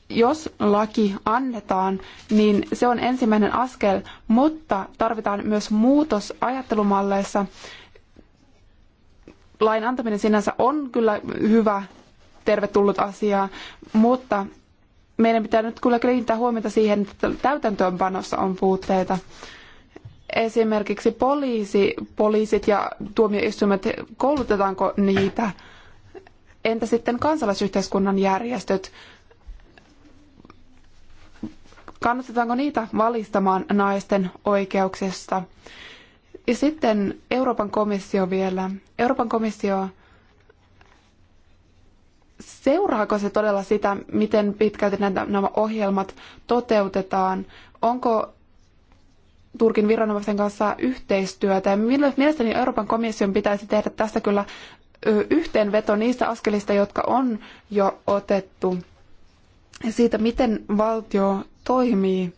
Jos laki annetaan, niin se on ensimmäinen askel, mutta tarvitaan myös muutos ajattelumalleissa. Lain antaminen sinänsä on kyllä hyvä, tervetullut asia, mutta meidän pitää nyt kyllä kiinnittää huomiota siihen, että täytäntöönpanossa on puutteita. Esimerkiksi poliisi, poliisit ja tuomioistuimet, koulutetaanko niitä? Entä sitten kansalaisyhteiskunnan järjestöt? Kannustetaanko niitä valistamaan naisten oikeuksista? Ja sitten Euroopan komissio vielä. Euroopan komissio seuraako se todella sitä, miten pitkälti näitä, nämä ohjelmat toteutetaan? Onko Turkin viranomaisten kanssa yhteistyötä? Ja mielestäni Euroopan komission pitäisi tehdä tästä kyllä yhteenveto niistä askelista, jotka on jo otettu siitä, miten valtio toimii,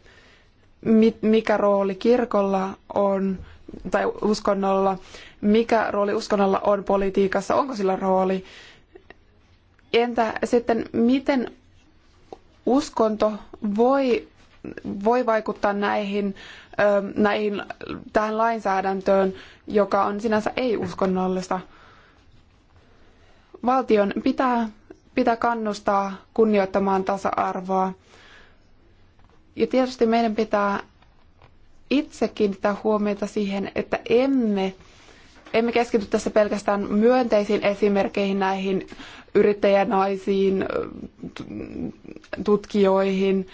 mikä rooli kirkolla on tai uskonnolla, mikä rooli uskonnolla on politiikassa, onko sillä rooli entä sitten miten uskonto voi, voi vaikuttaa näihin, näihin, tähän lainsäädäntöön, joka on sinänsä ei-uskonnollista? Valtion pitää, pitää kannustaa kunnioittamaan tasa-arvoa. Ja tietysti meidän pitää itse kiinnittää huomiota siihen, että emme emme keskity tässä pelkästään myönteisiin esimerkkeihin näihin yrittäjänaisiin, tutkijoihin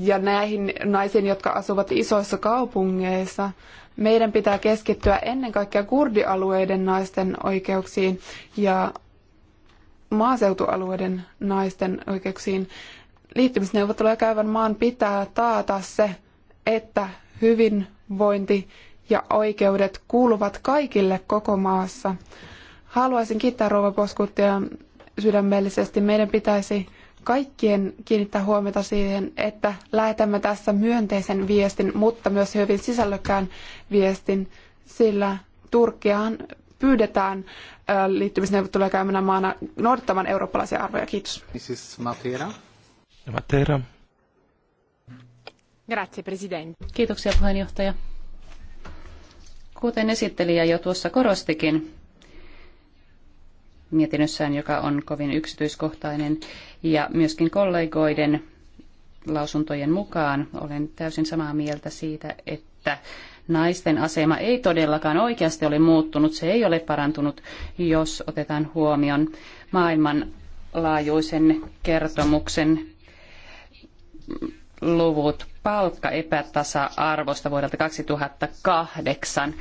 ja näihin naisiin, jotka asuvat isoissa kaupungeissa. Meidän pitää keskittyä ennen kaikkea kurdialueiden naisten oikeuksiin ja maaseutualueiden naisten oikeuksiin. Liittymisneuvotteluja käyvän maan pitää taata se, että hyvinvointi ja oikeudet kuuluvat kaikille koko maassa. Haluaisin kiittää Rouva Poskuttia sydämellisesti. Meidän pitäisi kaikkien kiinnittää huomiota siihen, että lähetämme tässä myönteisen viestin, mutta myös hyvin sisällökkään viestin, sillä Turkkiaan pyydetään liittymisneuvotteluja käymänä maana noudattamaan eurooppalaisia arvoja. Kiitos. Mrs. Matera. Matera. Grazie, presidente. Kiitoksia puheenjohtaja kuten esittelijä jo tuossa korostikin mietinnössään, joka on kovin yksityiskohtainen, ja myöskin kollegoiden lausuntojen mukaan olen täysin samaa mieltä siitä, että naisten asema ei todellakaan oikeasti ole muuttunut, se ei ole parantunut, jos otetaan huomioon maailmanlaajuisen kertomuksen luvut palkkaepätasa-arvosta vuodelta 2008.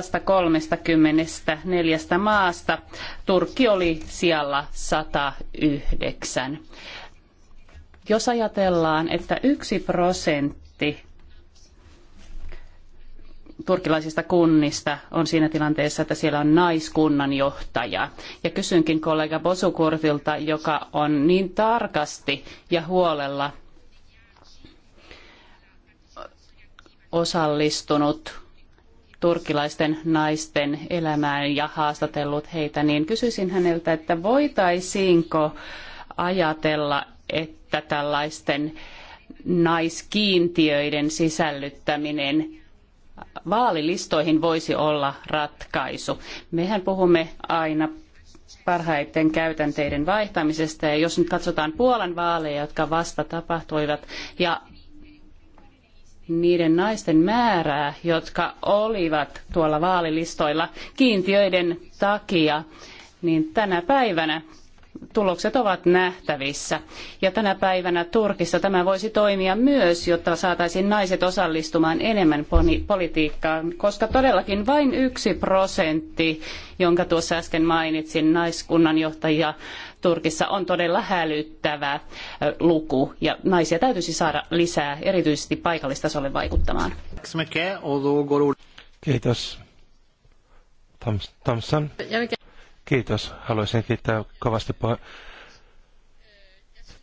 134 maasta Turkki oli sijalla 109. Jos ajatellaan, että yksi prosentti turkilaisista kunnista on siinä tilanteessa, että siellä on naiskunnanjohtaja. Ja kysynkin kollega Bosukurtilta, joka on niin tarkasti ja huolella osallistunut turkilaisten naisten elämään ja haastatellut heitä, niin kysyisin häneltä, että voitaisiinko ajatella, että tällaisten naiskiintiöiden sisällyttäminen vaalilistoihin voisi olla ratkaisu. Mehän puhumme aina parhaiten käytänteiden vaihtamisesta ja jos nyt katsotaan Puolan vaaleja, jotka vasta tapahtuivat ja niiden naisten määrää, jotka olivat tuolla vaalilistoilla kiintiöiden takia, niin tänä päivänä tulokset ovat nähtävissä. Ja tänä päivänä Turkissa tämä voisi toimia myös, jotta saataisiin naiset osallistumaan enemmän politiikkaan, koska todellakin vain yksi prosentti, jonka tuossa äsken mainitsin, naiskunnanjohtajia Turkissa on todella hälyttävä luku. Ja naisia täytyisi saada lisää, erityisesti paikallistasolle vaikuttamaan. Kiitos. Thompson. Kiitos. Haluaisin kiittää kovasti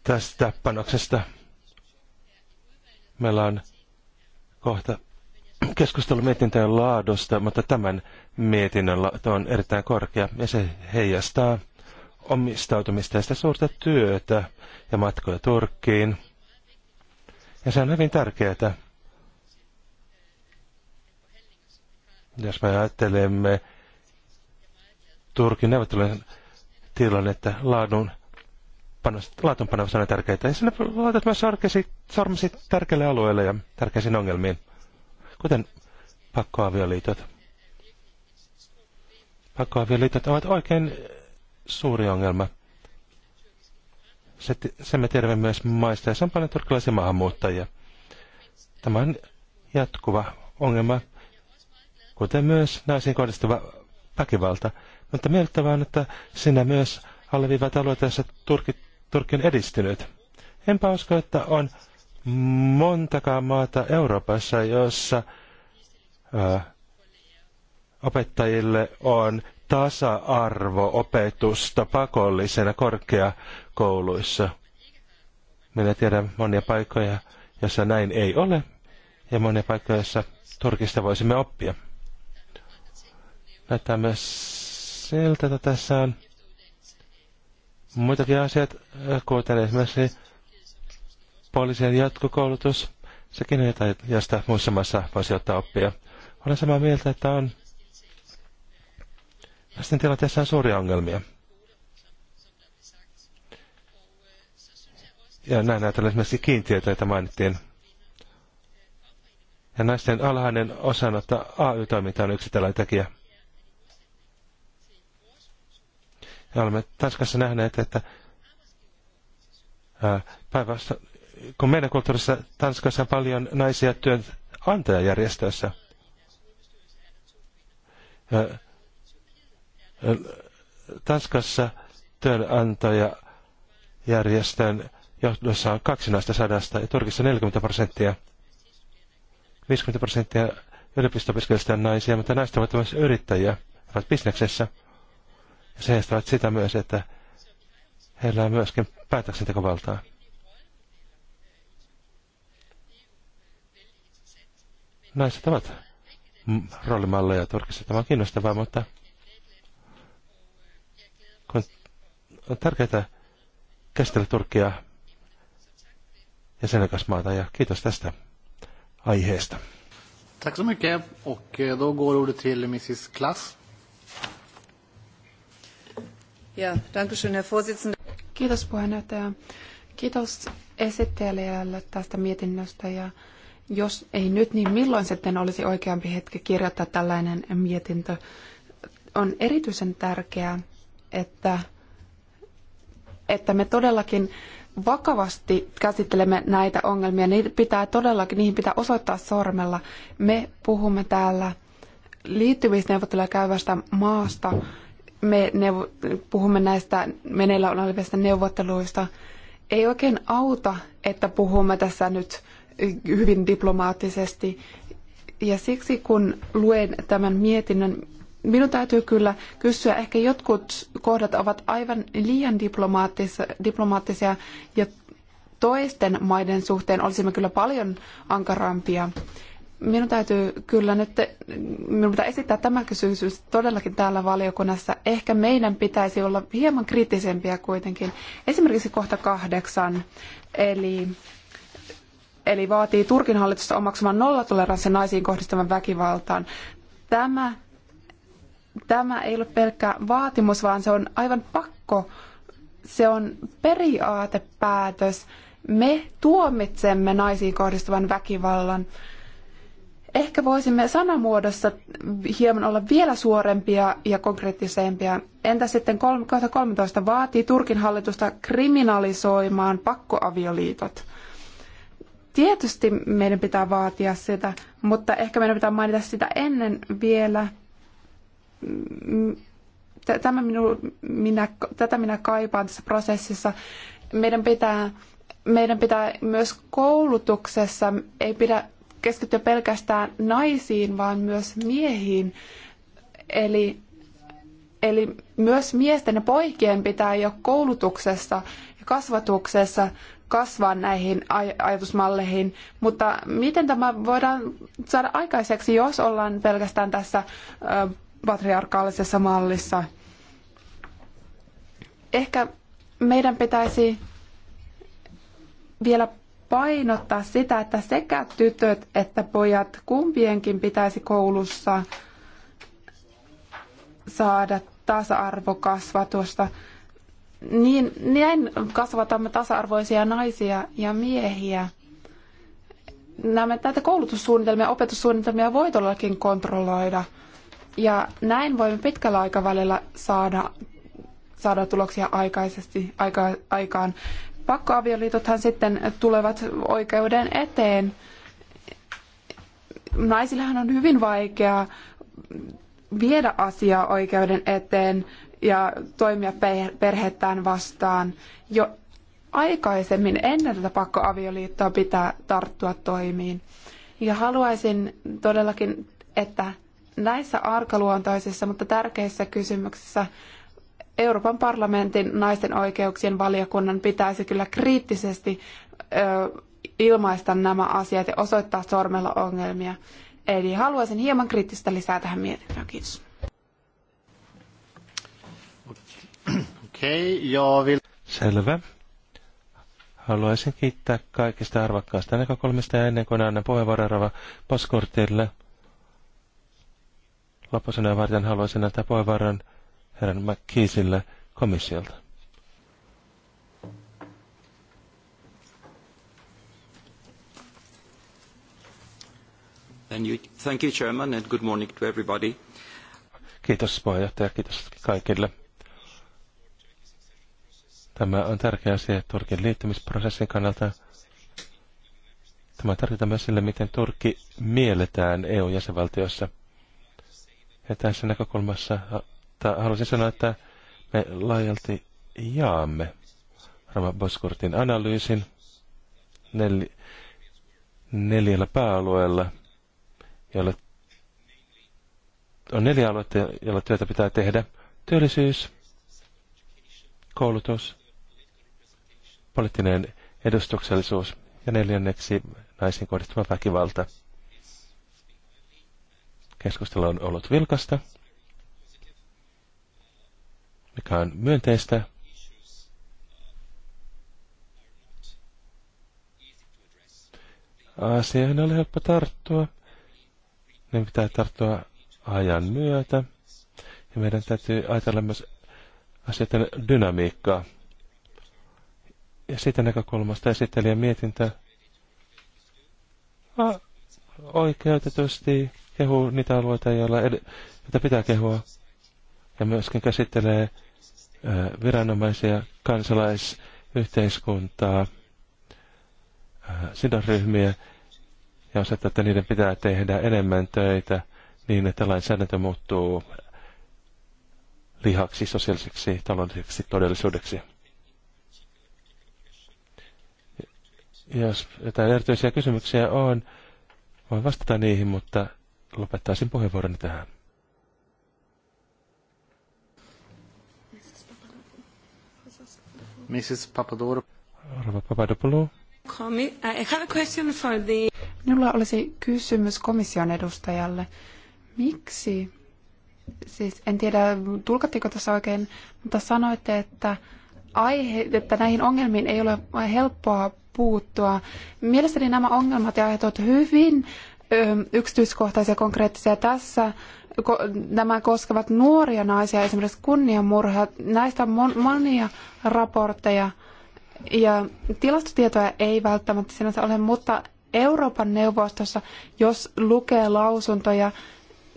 tästä panoksesta. Meillä on kohta keskustelu mietintöjen laadusta, mutta tämän mietinnön laatu on erittäin korkea ja se heijastaa omistautumista ja sitä suurta työtä ja matkoja Turkkiin. Ja se on hyvin tärkeää. Jos me ajattelemme Turkin neuvottelujen että laadun laatunpanosana tärkeitä. Ja sinne laitat myös sarkesi, sormesi tärkeille alueille ja tärkeisiin ongelmiin, kuten pakkoavioliitot. Pakkoavioliitot ovat oikein suuri ongelma. Se, se me tiedämme myös maista, ja se on paljon turkilaisia maahanmuuttajia. Tämä on jatkuva ongelma, kuten myös naisiin kohdistuva väkivalta. Mutta miellyttävää on, että sinä myös alleviivat alueita, Turki, Turki on edistynyt. Enpä usko, että on montakaan maata Euroopassa, jossa ää, opettajille on tasa-arvo-opetusta pakollisena korkeakouluissa. Minä tiedän monia paikkoja, jossa näin ei ole, ja monia paikkoja, joissa Turkista voisimme oppia. Näyttää myös siltä, että tässä on muitakin asiat, äh, kuten esimerkiksi poliisien jatkokoulutus, sekin ei jotain, josta muissa maissa voisi ottaa oppia. Olen samaa mieltä, että on lasten tilanteessa on suuria ongelmia. Ja näin näytellä esimerkiksi kiintiöitä, joita mainittiin. Ja naisten alhainen osanotto AY-toiminta on yksi tällainen tekijä. Ja olemme Tanskassa nähneet, että päivästä, kun meidän kulttuurissa Tanskassa on paljon naisia työnantajajärjestöissä, Tanskassa työnantajajärjestön johdossa on kaksi naista sadasta ja Turkissa 40 prosenttia. 50 prosenttia yliopisto on naisia, mutta naiset ovat myös yrittäjiä, ovat bisneksessä. Ja se sitä myös, että heillä on myöskin päätöksentekovaltaa. Naiset ovat roolimalleja Turkissa. Tämä on kiinnostavaa, mutta kun on tärkeää käsitellä Turkia ja sen maata. Ja kiitos tästä aiheesta. Tack så mycket. Och eh, då går ordet till Mrs. Klass. Ja, dankeschön, Kiitos puheenjohtaja. Kiitos esittelijälle tästä mietinnöstä ja jos ei nyt, niin milloin sitten olisi oikeampi hetki kirjoittaa tällainen mietintö? On erityisen tärkeää, että, että me todellakin vakavasti käsittelemme näitä ongelmia. Niitä pitää todellakin, niihin pitää osoittaa sormella. Me puhumme täällä liittymisneuvotteluja käyvästä maasta, me puhumme näistä meneillä olevista neuvotteluista, ei oikein auta, että puhumme tässä nyt hyvin diplomaattisesti. Ja siksi kun luen tämän mietinnön, minun täytyy kyllä kysyä, ehkä jotkut kohdat ovat aivan liian diplomaattisia, diplomaattisia ja toisten maiden suhteen olisimme kyllä paljon ankarampia. Minun täytyy kyllä nyt, minun pitää esittää tämä kysymys todellakin täällä valiokunnassa. Ehkä meidän pitäisi olla hieman kriittisempiä kuitenkin. Esimerkiksi kohta kahdeksan, eli, eli vaatii Turkin hallitusta omaksumaan nollatoleranssin naisiin kohdistuvan väkivaltaan. Tämä, tämä ei ole pelkkä vaatimus, vaan se on aivan pakko. Se on periaatepäätös. Me tuomitsemme naisiin kohdistuvan väkivallan ehkä voisimme sanamuodossa hieman olla vielä suorempia ja konkreettisempia. Entä sitten kohta 13 vaatii Turkin hallitusta kriminalisoimaan pakkoavioliitot? Tietysti meidän pitää vaatia sitä, mutta ehkä meidän pitää mainita sitä ennen vielä. Mm, tämä minä, tätä minä kaipaan tässä prosessissa. Meidän pitää meidän pitää myös koulutuksessa, ei pidä keskittyä pelkästään naisiin, vaan myös miehiin. Eli, eli myös miesten ja poikien pitää jo koulutuksessa ja kasvatuksessa kasvaa näihin aj- ajatusmalleihin, mutta miten tämä voidaan saada aikaiseksi, jos ollaan pelkästään tässä ö, patriarkaalisessa mallissa? Ehkä meidän pitäisi vielä painottaa sitä, että sekä tytöt että pojat kumpienkin pitäisi koulussa saada tasa-arvokasvatusta. Niin, näin kasvatamme tasa-arvoisia naisia ja miehiä. Nämä, näitä koulutussuunnitelmia ja opetussuunnitelmia voi todellakin kontrolloida. Ja näin voimme pitkällä aikavälillä saada, saada tuloksia aikaisesti, aika, aikaan. Pakkoavioliitothan sitten tulevat oikeuden eteen. Naisillähän on hyvin vaikeaa viedä asiaa oikeuden eteen ja toimia perhettään vastaan. Jo aikaisemmin ennen tätä pakkoavioliittoa pitää tarttua toimiin. Ja haluaisin todellakin, että näissä arkaluontoisissa, mutta tärkeissä kysymyksissä Euroopan parlamentin naisten oikeuksien valiokunnan pitäisi kyllä kriittisesti ö, ilmaista nämä asiat ja osoittaa sormella ongelmia. Eli haluaisin hieman kriittistä lisää tähän mietintöön. Kiitos. Okei, okay, joo. Vil- Selvä. Haluaisin kiittää kaikista arvokkaista näkökulmista ja ennen kuin annan puheenvuoron Rova Poskortille. Loppusanoja varten haluaisin antaa puheenvuoron herran McKeesille komissiolta. Thank you, Chairman, and good morning to everybody. Kiitos puheenjohtaja, kiitos kaikille. Tämä on tärkeä asia Turkin liittymisprosessin kannalta. Tämä tarkoittaa myös sille, miten Turkki mielletään EU-jäsenvaltiossa. Ja tässä näkökulmassa mutta haluaisin sanoa, että me laajalti jaamme Rama Boskurtin analyysin nel, neljällä pääalueella, joilla on neljä aluetta, joilla työtä pitää tehdä. Työllisyys, koulutus, poliittinen edustuksellisuus ja neljänneksi naisiin kohdistuva väkivalta. Keskustelu on ollut vilkasta mikä on myönteistä. Asiaan ole helppo tarttua. Ne pitää tarttua ajan myötä. Ja meidän täytyy ajatella myös asioiden dynamiikkaa. Ja siitä näkökulmasta esittelijän mietintä a, oikeutetusti kehuu niitä alueita, joilla ed- joita pitää kehua. Ja myöskin käsittelee viranomaisia, kansalaisyhteiskuntaa, sidosryhmiä ja osata, että niiden pitää tehdä enemmän töitä niin, että lainsäädäntö muuttuu lihaksi, sosiaaliseksi, taloudelliseksi todellisuudeksi. Jos jotain erityisiä kysymyksiä on, voin vastata niihin, mutta lopettaisin puheenvuoroni tähän. Mrs. Papadopoulou. Äh, Minulla olisi kysymys komission edustajalle. Miksi, siis en tiedä tulkattiko tässä oikein, mutta sanoitte, että, aihe, että näihin ongelmiin ei ole helppoa puuttua. Mielestäni nämä ongelmat ja aiheet ovat hyvin yksityiskohtaisia konkreettisia tässä. Nämä koskevat nuoria naisia, esimerkiksi kunniamurhaa. Näistä on monia raportteja ja tilastotietoja ei välttämättä sinänsä ole, mutta Euroopan neuvostossa, jos lukee lausuntoja,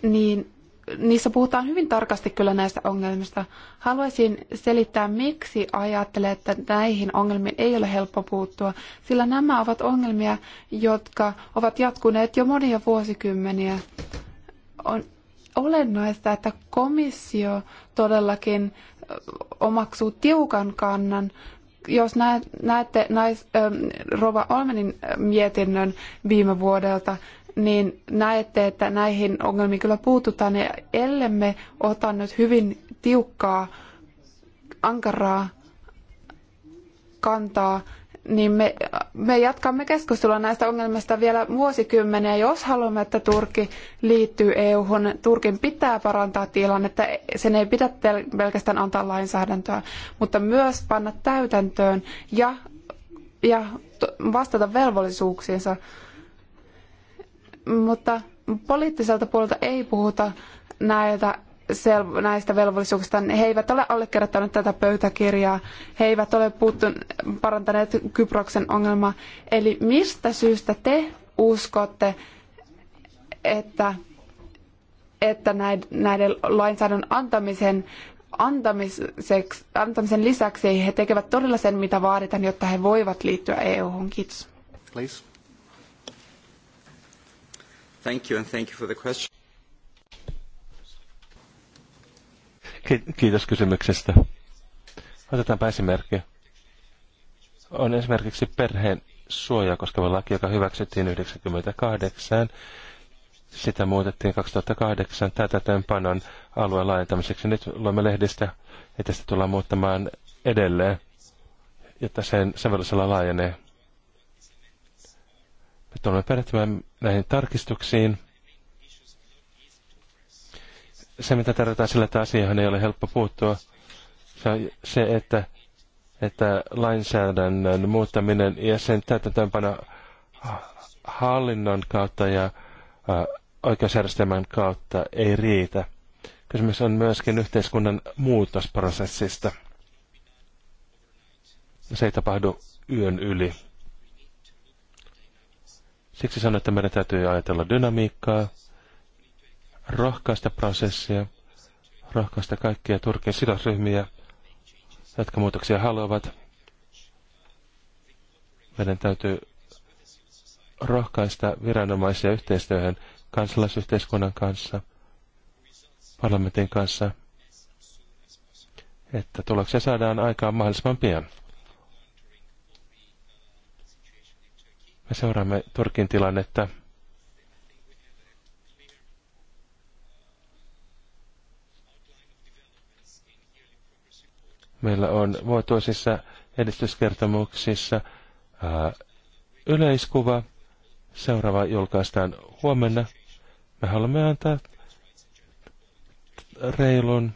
niin niissä puhutaan hyvin tarkasti kyllä näistä ongelmista. Haluaisin selittää, miksi ajattelen, että näihin ongelmiin ei ole helppo puuttua, sillä nämä ovat ongelmia, jotka ovat jatkuneet jo monia vuosikymmeniä. On olennaista, että komissio todellakin omaksuu tiukan kannan jos näette nais, ähm, Rova Olmenin mietinnön viime vuodelta, niin näette, että näihin ongelmiin kyllä puututaan. Ja ellemme ota nyt hyvin tiukkaa, ankaraa kantaa, niin me, me jatkamme keskustelua näistä ongelmista vielä vuosikymmeniä. Jos haluamme, että Turkki liittyy EU-hun, Turkin pitää parantaa tilannetta. Sen ei pidä pelkästään antaa lainsäädäntöä, mutta myös panna täytäntöön ja, ja vastata velvollisuuksiinsa mutta poliittiselta puolelta ei puhuta näitä näistä velvollisuuksista. He eivät ole allekirjoittaneet tätä pöytäkirjaa. He eivät ole puuttun, parantaneet Kyproksen ongelmaa. Eli mistä syystä te uskotte, että, että näiden lainsäädännön antamisen, antamisen lisäksi he tekevät todella sen, mitä vaaditaan, jotta he voivat liittyä EU-hun? Kiitos. Please. Thank you and thank you for the question. Kiitos kysymyksestä. Otetaanpa esimerkki. On esimerkiksi perheen suojaa koskeva laki, joka hyväksyttiin 1998. Sitä muutettiin 2008 täytäntöönpanon alueen laajentamiseksi. Nyt luemme lehdistä, että sitä tullaan muuttamaan edelleen, jotta sen sovellusala laajenee. Me tulemme perehtymään näihin tarkistuksiin. Se, mitä tarvitaan sillä, että asioihin ei ole helppo puuttua, se on se, että, että lainsäädännön muuttaminen ja sen täytäntöönpano hallinnon kautta ja oikeusjärjestelmän kautta ei riitä. Kysymys on myöskin yhteiskunnan muutosprosessista. Se ei tapahdu yön yli. Siksi sanon, että meidän täytyy ajatella dynamiikkaa, rohkaista prosessia, rohkaista kaikkia Turkin sidosryhmiä, jotka muutoksia haluavat. Meidän täytyy rohkaista viranomaisia yhteistyöhön kansalaisyhteiskunnan kanssa, parlamentin kanssa, että tuloksia saadaan aikaan mahdollisimman pian. Me seuraamme Turkin tilannetta. Meillä on vuotuisissa edistyskertomuksissa ää, yleiskuva. Seuraava julkaistaan huomenna. Me haluamme antaa reilun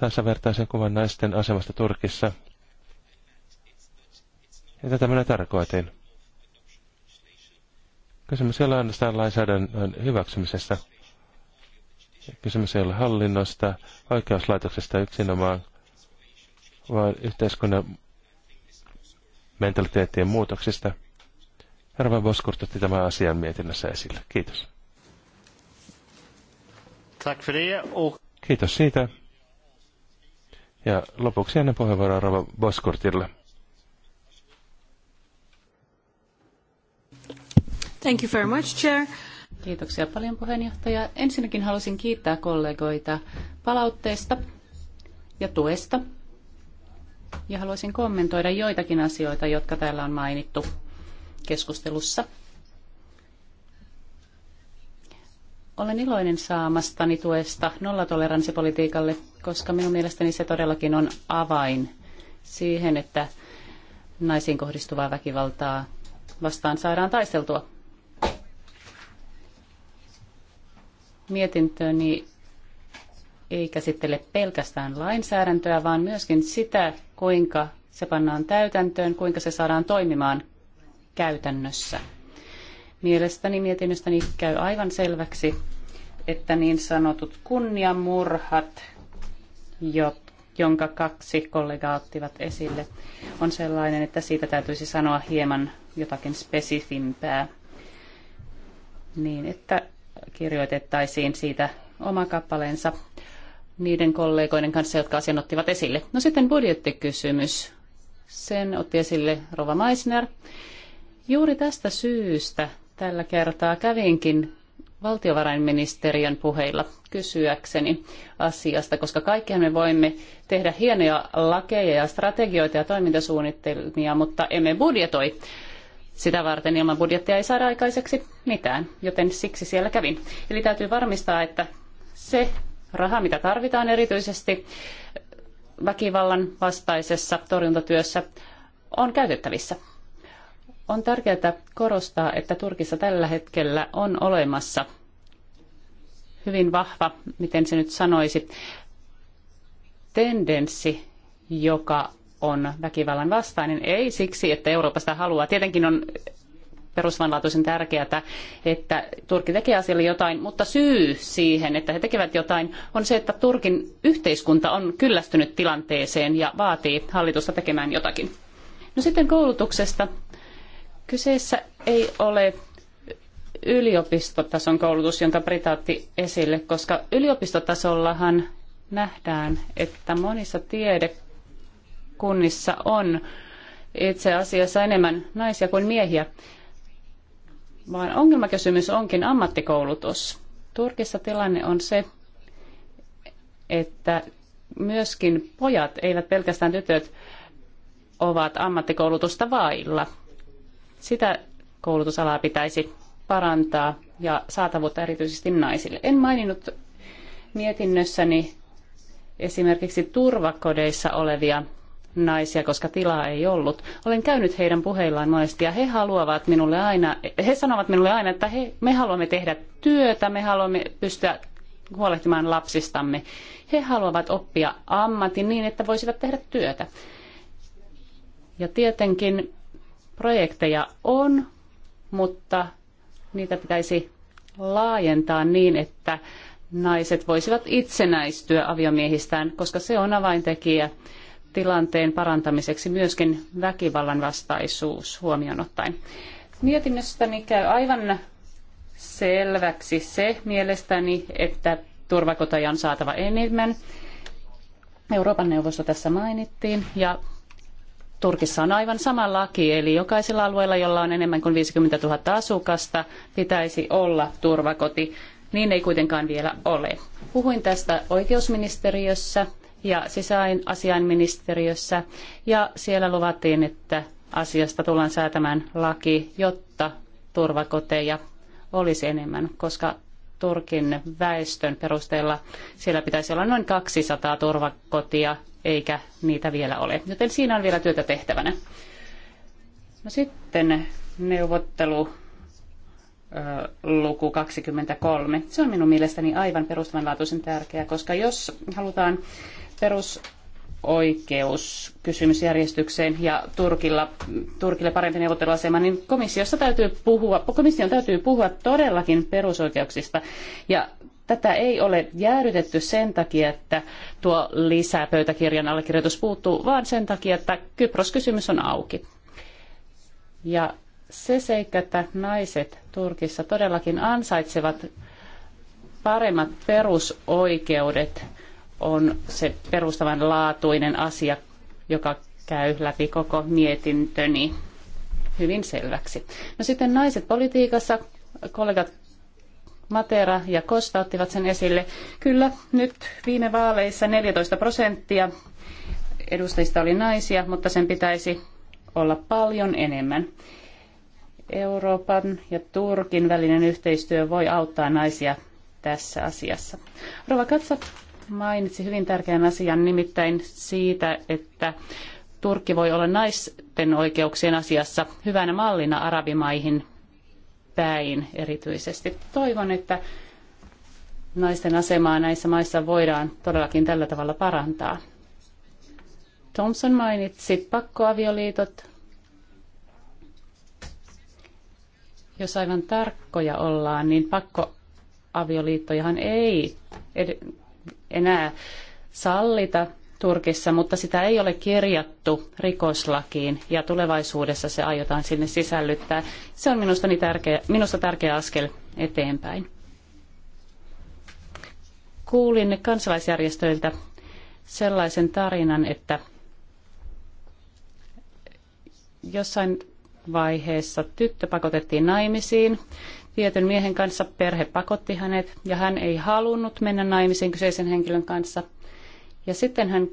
tasavertaisen kuvan naisten asemasta Turkissa. Ja tätä minä tarkoitin. Kysymys ei ole ainoastaan lainsäädännön hyväksymisestä. Kysymys ei ole hallinnosta, oikeuslaitoksesta yksinomaan, vaan yhteiskunnan mentaliteettien muutoksista. Herra Boskurt otti tämän asian mietinnössä esille. Kiitos. Tack för det. Och... Kiitos siitä. Ja lopuksi ennen puheenvuoroa Rava Boskurtille. Thank you very much, Chair. Kiitoksia paljon puheenjohtaja. Ensinnäkin halusin kiittää kollegoita palautteesta ja tuesta. Ja haluaisin kommentoida joitakin asioita, jotka täällä on mainittu keskustelussa. Olen iloinen saamastani tuesta nollatoleranssipolitiikalle, koska minun mielestäni se todellakin on avain siihen, että naisiin kohdistuvaa väkivaltaa vastaan saadaan taisteltua. niin ei käsittele pelkästään lainsäädäntöä, vaan myöskin sitä, kuinka se pannaan täytäntöön, kuinka se saadaan toimimaan käytännössä. Mielestäni mietinnöstäni käy aivan selväksi, että niin sanotut kunniamurhat, jotka jonka kaksi kollegaa ottivat esille, on sellainen, että siitä täytyisi sanoa hieman jotakin spesifimpää. Niin, että kirjoitettaisiin siitä oma kappaleensa niiden kollegoiden kanssa, jotka asian ottivat esille. No sitten budjettikysymys. Sen otti esille Rova Meisner. Juuri tästä syystä tällä kertaa kävinkin valtiovarainministeriön puheilla kysyäkseni asiasta, koska kaikkihan me voimme tehdä hienoja lakeja ja strategioita ja toimintasuunnitelmia, mutta emme budjetoi sitä varten ilman budjettia ei saada aikaiseksi mitään, joten siksi siellä kävin. Eli täytyy varmistaa, että se raha, mitä tarvitaan erityisesti väkivallan vastaisessa torjuntatyössä, on käytettävissä. On tärkeää korostaa, että Turkissa tällä hetkellä on olemassa hyvin vahva, miten se nyt sanoisi, tendenssi, joka on väkivallan vastainen. Ei siksi, että Euroopasta haluaa. Tietenkin on perusvanlaatuisen tärkeää, että Turkki tekee asialle jotain, mutta syy siihen, että he tekevät jotain, on se, että Turkin yhteiskunta on kyllästynyt tilanteeseen ja vaatii hallitusta tekemään jotakin. No sitten koulutuksesta. Kyseessä ei ole yliopistotason koulutus, jonka otti esille, koska yliopistotasollahan nähdään, että monissa tiede kunnissa on itse asiassa enemmän naisia kuin miehiä, vaan ongelmakysymys onkin ammattikoulutus. Turkissa tilanne on se, että myöskin pojat, eivät pelkästään tytöt, ovat ammattikoulutusta vailla. Sitä koulutusalaa pitäisi parantaa ja saatavuutta erityisesti naisille. En maininnut mietinnössäni esimerkiksi turvakodeissa olevia naisia, koska tilaa ei ollut. Olen käynyt heidän puheillaan monesti ja he haluavat minulle aina, he sanovat minulle aina, että he, me haluamme tehdä työtä, me haluamme pystyä huolehtimaan lapsistamme. He haluavat oppia ammatin niin, että voisivat tehdä työtä. Ja tietenkin projekteja on, mutta niitä pitäisi laajentaa niin, että naiset voisivat itsenäistyä aviomiehistään, koska se on avaintekijä tilanteen parantamiseksi myöskin väkivallan vastaisuus huomioon ottaen. Mietinnöstäni käy aivan selväksi se mielestäni, että turvakoteja on saatava enemmän. Euroopan neuvosto tässä mainittiin ja Turkissa on aivan sama laki, eli jokaisella alueella, jolla on enemmän kuin 50 000 asukasta, pitäisi olla turvakoti. Niin ei kuitenkaan vielä ole. Puhuin tästä oikeusministeriössä ja sisäasiainministeriössä. ja siellä luvattiin, että asiasta tullaan säätämään laki, jotta turvakoteja olisi enemmän, koska Turkin väestön perusteella siellä pitäisi olla noin 200 turvakotia, eikä niitä vielä ole. Joten siinä on vielä työtä tehtävänä. No sitten neuvottelu luku 23. Se on minun mielestäni aivan perustavanlaatuisen tärkeä, koska jos halutaan perusoikeuskysymysjärjestykseen ja Turkilla, Turkille parempi neuvotteluasema, niin komissiossa täytyy puhua, komission täytyy puhua todellakin perusoikeuksista. Ja tätä ei ole jäädytetty sen takia, että tuo lisäpöytäkirjan allekirjoitus puuttuu, vaan sen takia, että Kypros-kysymys on auki. Ja se seikka, että naiset Turkissa todellakin ansaitsevat paremmat perusoikeudet on se perustavanlaatuinen asia, joka käy läpi koko mietintöni hyvin selväksi. No sitten naiset politiikassa, kollegat Matera ja Kosta ottivat sen esille. Kyllä, nyt viime vaaleissa 14 prosenttia edustajista oli naisia, mutta sen pitäisi olla paljon enemmän. Euroopan ja Turkin välinen yhteistyö voi auttaa naisia tässä asiassa. Rova Katsa mainitsi hyvin tärkeän asian, nimittäin siitä, että Turkki voi olla naisten oikeuksien asiassa hyvänä mallina arabimaihin päin erityisesti. Toivon, että naisten asemaa näissä maissa voidaan todellakin tällä tavalla parantaa. Thompson mainitsi pakkoavioliitot. Jos aivan tarkkoja ollaan, niin pakkoavioliittojahan ei enää sallita Turkissa, mutta sitä ei ole kirjattu rikoslakiin ja tulevaisuudessa se aiotaan sinne sisällyttää. Se on minusta niin tärkeä, minusta tärkeä askel eteenpäin. Kuulin kansalaisjärjestöiltä sellaisen tarinan, että jossain vaiheessa tyttö pakotettiin naimisiin tietyn miehen kanssa. Perhe pakotti hänet ja hän ei halunnut mennä naimisiin kyseisen henkilön kanssa. Ja sitten hän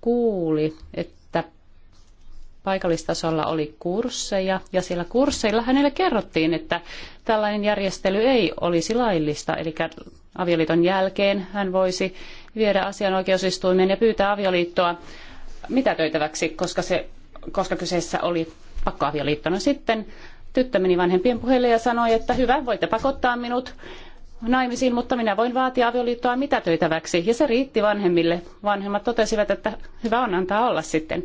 kuuli, että paikallistasolla oli kursseja ja siellä kursseilla hänelle kerrottiin, että tällainen järjestely ei olisi laillista, eli avioliiton jälkeen hän voisi viedä asian oikeusistuimeen ja pyytää avioliittoa mitätöitäväksi, koska, se, koska kyseessä oli pakkoavioliittona. Sitten tyttö meni vanhempien puheille ja sanoi, että hyvä, voitte pakottaa minut naimisiin, mutta minä voin vaatia avioliittoa mitätöitäväksi. Ja se riitti vanhemmille. Vanhemmat totesivat, että hyvä on antaa olla sitten.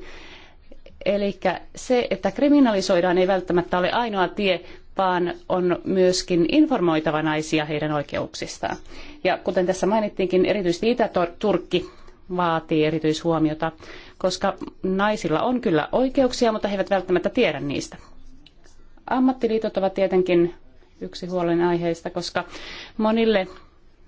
Eli se, että kriminalisoidaan, ei välttämättä ole ainoa tie, vaan on myöskin informoitava naisia heidän oikeuksistaan. Ja kuten tässä mainittiinkin, erityisesti Itä-Turkki vaatii erityishuomiota koska naisilla on kyllä oikeuksia, mutta he eivät välttämättä tiedä niistä. Ammattiliitot ovat tietenkin yksi huolen aiheista, koska monille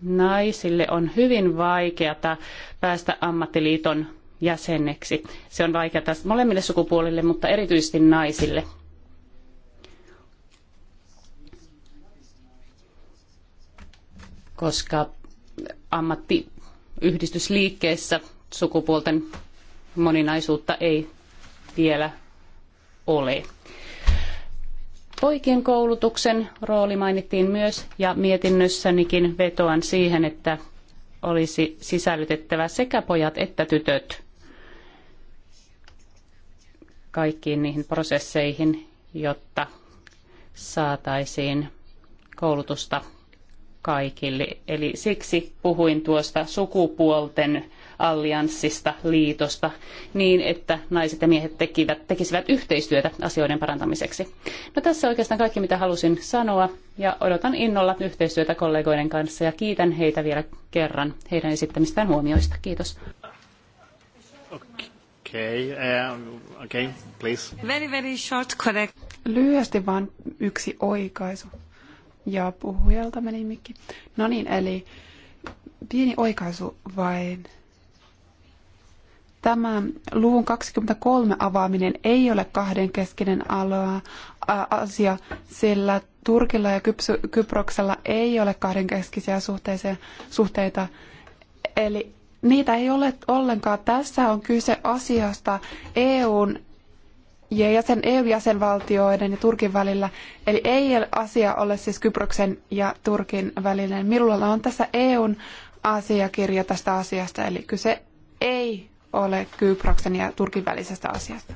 naisille on hyvin vaikeata päästä ammattiliiton jäseneksi. Se on vaikeata molemmille sukupuolille, mutta erityisesti naisille. Koska ammattiyhdistysliikkeessä sukupuolten moninaisuutta ei vielä ole. Poikien koulutuksen rooli mainittiin myös ja mietinnössänikin vetoan siihen, että olisi sisällytettävä sekä pojat että tytöt kaikkiin niihin prosesseihin, jotta saataisiin koulutusta kaikille. Eli siksi puhuin tuosta sukupuolten allianssista, liitosta, niin että naiset ja miehet tekivät, tekisivät yhteistyötä asioiden parantamiseksi. No tässä oikeastaan kaikki, mitä halusin sanoa, ja odotan innolla yhteistyötä kollegoiden kanssa, ja kiitän heitä vielä kerran heidän esittämistään huomioista. Kiitos. Okay, uh, um, okay, please. Very, very short correct. Lyhyesti vain yksi oikaisu. Ja puhujalta meni mikki. No niin, eli pieni oikaisu vain tämä luvun 23 avaaminen ei ole kahdenkeskinen asia, sillä Turkilla ja Kypsy- Kyproksella ei ole kahdenkeskisiä suhteita. Eli niitä ei ole ollenkaan. Tässä on kyse asiasta EUn ja jäsen, EU-jäsenvaltioiden ja Turkin välillä. Eli ei asia ole siis Kyproksen ja Turkin välinen. Minulla on tässä EUn asiakirja tästä asiasta, eli kyse ei ole Kyproksen ja Turkin välisestä asiasta.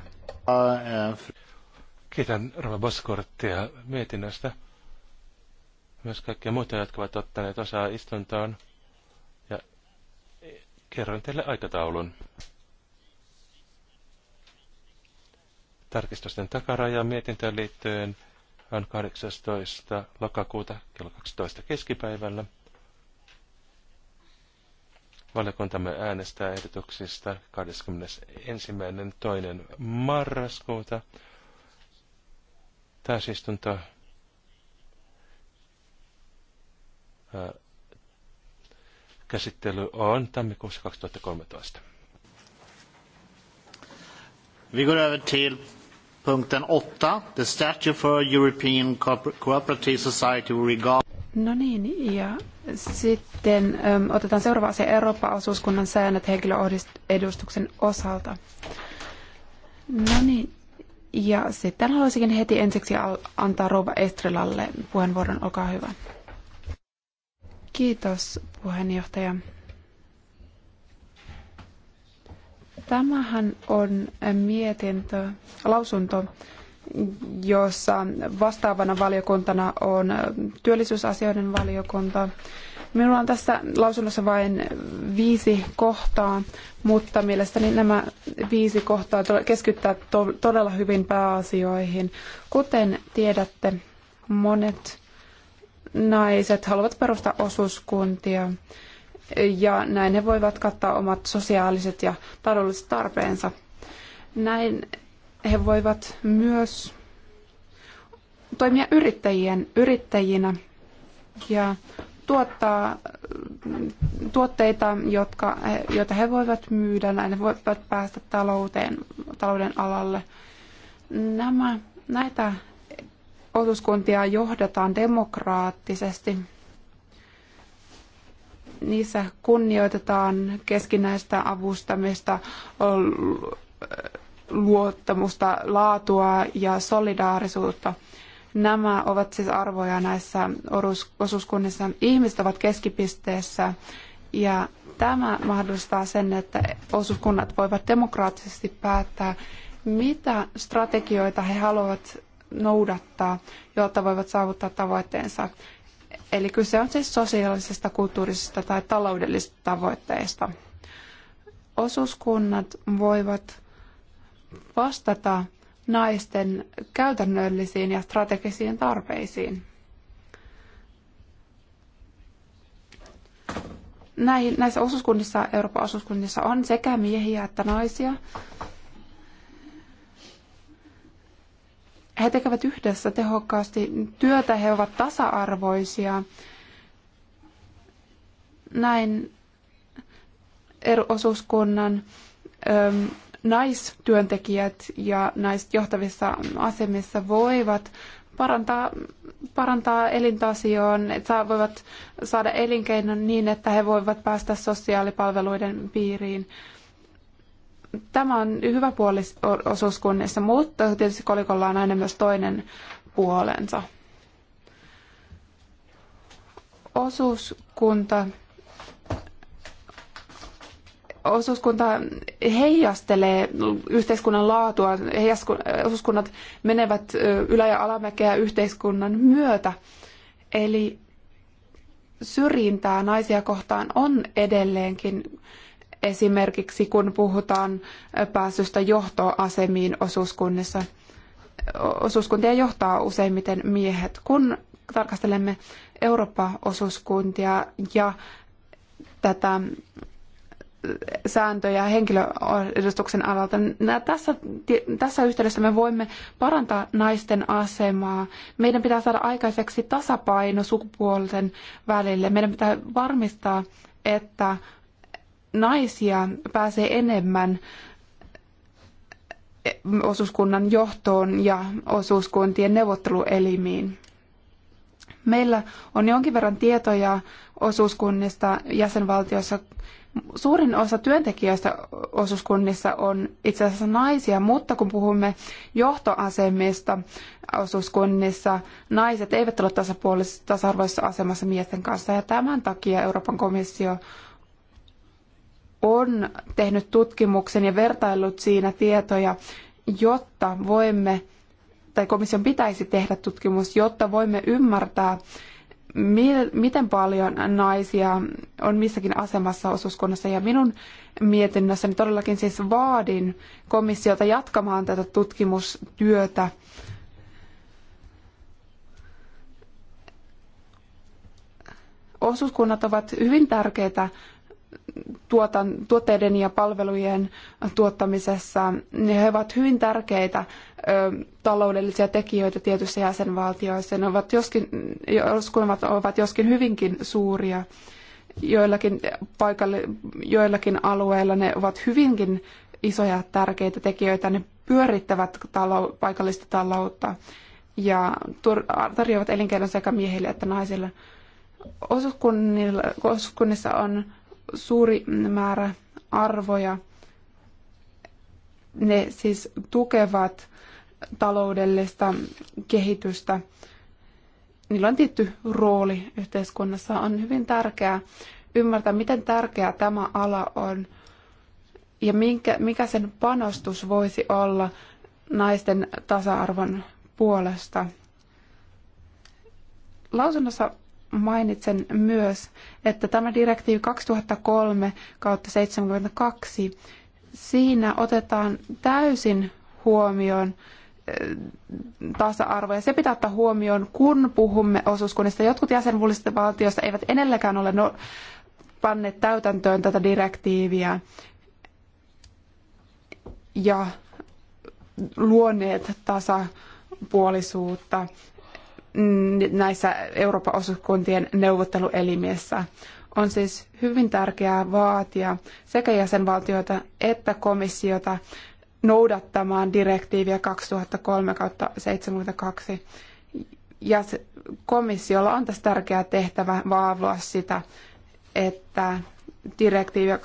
Kiitän Rova Boskorttia mietinnöstä. Myös kaikkia muita, jotka ovat ottaneet osaa istuntoon. Ja kerron teille aikataulun. Tarkistusten takaraja mietintöön liittyen on 18. lokakuuta kello 12 keskipäivällä. Valiokuntamme äänestää ehdotuksista 21.2. marraskuuta. Täysistunto käsittely on tammikuussa 2013. Vi går över till punkten 8, the statute for European Cooperative Society regard No niin, ja sitten äm, otetaan seuraava asia Eurooppa-osuuskunnan säännöt henkilöedustuksen osalta. No niin, ja sitten haluaisinkin heti ensiksi antaa Rouva Estrelalle puheenvuoron. Olkaa hyvä. Kiitos, puheenjohtaja. Tämähän on mietintö, lausunto jossa vastaavana valiokuntana on työllisyysasioiden valiokunta. Minulla on tässä lausunnossa vain viisi kohtaa, mutta mielestäni nämä viisi kohtaa keskittää todella hyvin pääasioihin. Kuten tiedätte, monet naiset haluavat perustaa osuuskuntia ja näin he voivat kattaa omat sosiaaliset ja taloudelliset tarpeensa. Näin he voivat myös toimia yrittäjien, yrittäjinä ja tuottaa tuotteita, jotka, joita he voivat myydä, näin he voivat päästä talouteen, talouden alalle. Nämä, näitä osuuskuntia johdetaan demokraattisesti. Niissä kunnioitetaan keskinäistä avustamista, luottamusta, laatua ja solidaarisuutta. Nämä ovat siis arvoja näissä osuuskunnissa. Ihmiset ovat keskipisteessä ja tämä mahdollistaa sen, että osuuskunnat voivat demokraattisesti päättää, mitä strategioita he haluavat noudattaa, jotta voivat saavuttaa tavoitteensa. Eli kyse on siis sosiaalisesta, kulttuurisesta tai taloudellisista tavoitteista. Osuuskunnat voivat vastata naisten käytännöllisiin ja strategisiin tarpeisiin. Näihin, näissä osuuskunnissa, Euroopan osuuskunnissa on sekä miehiä että naisia. He tekevät yhdessä tehokkaasti työtä, he ovat tasa-arvoisia. Näin er- osuuskunnan naistyöntekijät ja naiset johtavissa asemissa voivat parantaa, parantaa elintasiaan, että voivat saada elinkeinon niin, että he voivat päästä sosiaalipalveluiden piiriin. Tämä on hyvä puoli osuuskunnissa, mutta tietysti kolikolla on aina myös toinen puolensa. Osuuskunta osuuskunta heijastelee yhteiskunnan laatua, osuuskunnat menevät ylä- ja alamäkeä yhteiskunnan myötä. Eli syrjintää naisia kohtaan on edelleenkin esimerkiksi, kun puhutaan pääsystä johtoasemiin osuuskunnissa. Osuuskuntia johtaa useimmiten miehet. Kun tarkastelemme Eurooppa-osuuskuntia ja tätä sääntöjä henkilöedustuksen alalta. Tässä, tässä yhteydessä me voimme parantaa naisten asemaa. Meidän pitää saada aikaiseksi tasapaino sukupuolten välille. Meidän pitää varmistaa, että naisia pääsee enemmän osuuskunnan johtoon ja osuuskuntien neuvotteluelimiin. Meillä on jonkin verran tietoja osuuskunnista jäsenvaltiossa Suurin osa työntekijöistä osuuskunnissa on itse asiassa naisia, mutta kun puhumme johtoasemista osuuskunnissa, naiset eivät ole tasapuolisessa tasa-arvoisessa asemassa miesten kanssa. Ja tämän takia Euroopan komissio on tehnyt tutkimuksen ja vertaillut siinä tietoja, jotta voimme, tai komission pitäisi tehdä tutkimus, jotta voimme ymmärtää, miten paljon naisia on missäkin asemassa osuuskunnassa. Ja minun mietinnössäni todellakin siis vaadin komissiota jatkamaan tätä tutkimustyötä. Osuuskunnat ovat hyvin tärkeitä tuotan, tuotteiden ja palvelujen tuottamisessa. He ovat hyvin tärkeitä ö, taloudellisia tekijöitä tietyissä jäsenvaltioissa. Ne ovat joskin, ne ovat joskin hyvinkin suuria. Joillakin, paikalle, joillakin alueilla ne ovat hyvinkin isoja tärkeitä tekijöitä. Ne pyörittävät paikallista taloutta ja tarjoavat elinkeinon sekä miehille että naisille. Osuuskunnissa on suuri määrä arvoja. Ne siis tukevat taloudellista kehitystä. Niillä on tietty rooli yhteiskunnassa. On hyvin tärkeää ymmärtää, miten tärkeä tämä ala on ja minkä, mikä sen panostus voisi olla naisten tasa-arvon puolesta. Lausunnossa mainitsen myös, että tämä direktiivi 2003 72, siinä otetaan täysin huomioon eh, tasa-arvo, ja se pitää ottaa huomioon, kun puhumme osuuskunnista. Jotkut jäsenvaltioista eivät edelläkään ole no, panneet täytäntöön tätä direktiiviä ja luoneet tasapuolisuutta näissä Euroopan osuuskuntien neuvotteluelimissä. On siis hyvin tärkeää vaatia sekä jäsenvaltioita että komissiota noudattamaan direktiiviä 2003-72. Ja komissiolla on tässä tärkeä tehtävä vaavoa sitä, että direktiiviä 2003-72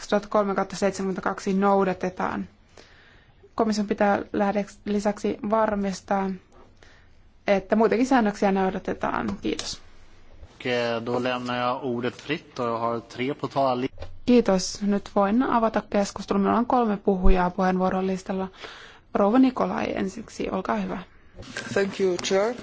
noudatetaan. Komission pitää lisäksi varmistaa, että muitakin säännöksiä noudatetaan. Kiitos. Kiitos. Nyt voin avata keskustelun. Meillä on kolme puhujaa puheenvuoron listalla. Rouva Nikolai ensiksi, olkaa hyvä. Thank you, Chair.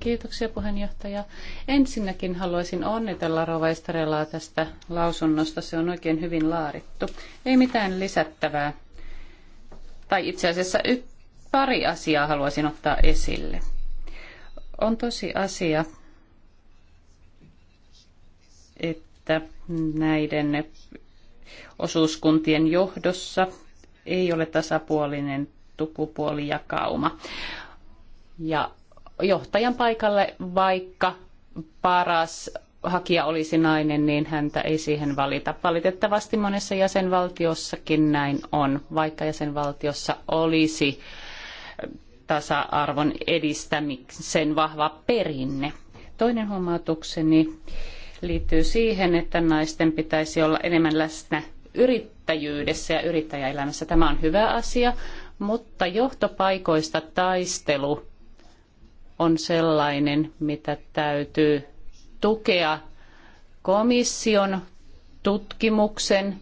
Kiitoksia puheenjohtaja. Ensinnäkin haluaisin onnitella Rova Estarelaa tästä lausunnosta. Se on oikein hyvin laarittu. Ei mitään lisättävää. Tai itse asiassa y- pari asiaa haluaisin ottaa esille. On tosi asia, että näiden osuuskuntien johdossa ei ole tasapuolinen tukupuolijakauma. Ja johtajan paikalle, vaikka paras hakija olisi nainen, niin häntä ei siihen valita. Valitettavasti monessa jäsenvaltiossakin näin on, vaikka jäsenvaltiossa olisi tasa-arvon edistämisen vahva perinne. Toinen huomautukseni liittyy siihen, että naisten pitäisi olla enemmän läsnä yrittäjyydessä ja yrittäjäelämässä. Tämä on hyvä asia, mutta johtopaikoista taistelu on sellainen, mitä täytyy tukea komission tutkimuksen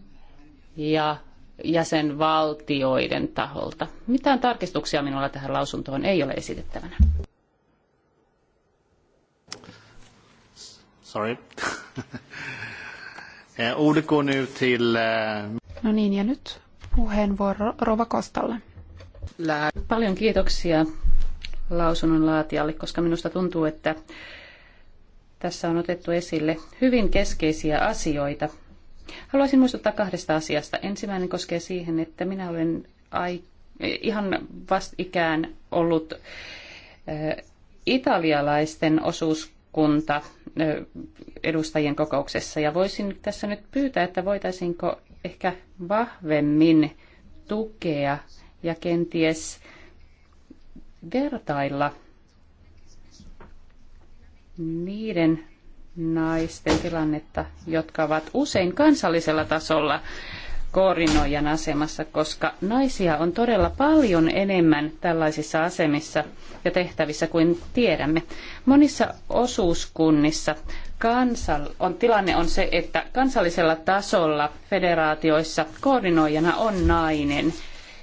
ja jäsenvaltioiden taholta. Mitään tarkistuksia minulla tähän lausuntoon ei ole esitettävänä. Sorry. Eh, ordet nu till... Eh, no niin, ja nyt puheenvuoro Rova Kostalle. Paljon kiitoksia lausunnon laatijalle, koska minusta tuntuu, että tässä on otettu esille hyvin keskeisiä asioita, Haluaisin muistuttaa kahdesta asiasta. Ensimmäinen koskee siihen, että minä olen ai- ihan vastikään ollut italialaisten osuuskunta edustajien kokouksessa. Ja voisin tässä nyt pyytää, että voitaisiinko ehkä vahvemmin tukea ja kenties vertailla niiden naisten tilannetta, jotka ovat usein kansallisella tasolla koordinoijan asemassa, koska naisia on todella paljon enemmän tällaisissa asemissa ja tehtävissä kuin tiedämme. Monissa osuuskunnissa kansal- on, tilanne on se, että kansallisella tasolla federaatioissa koordinoijana on nainen.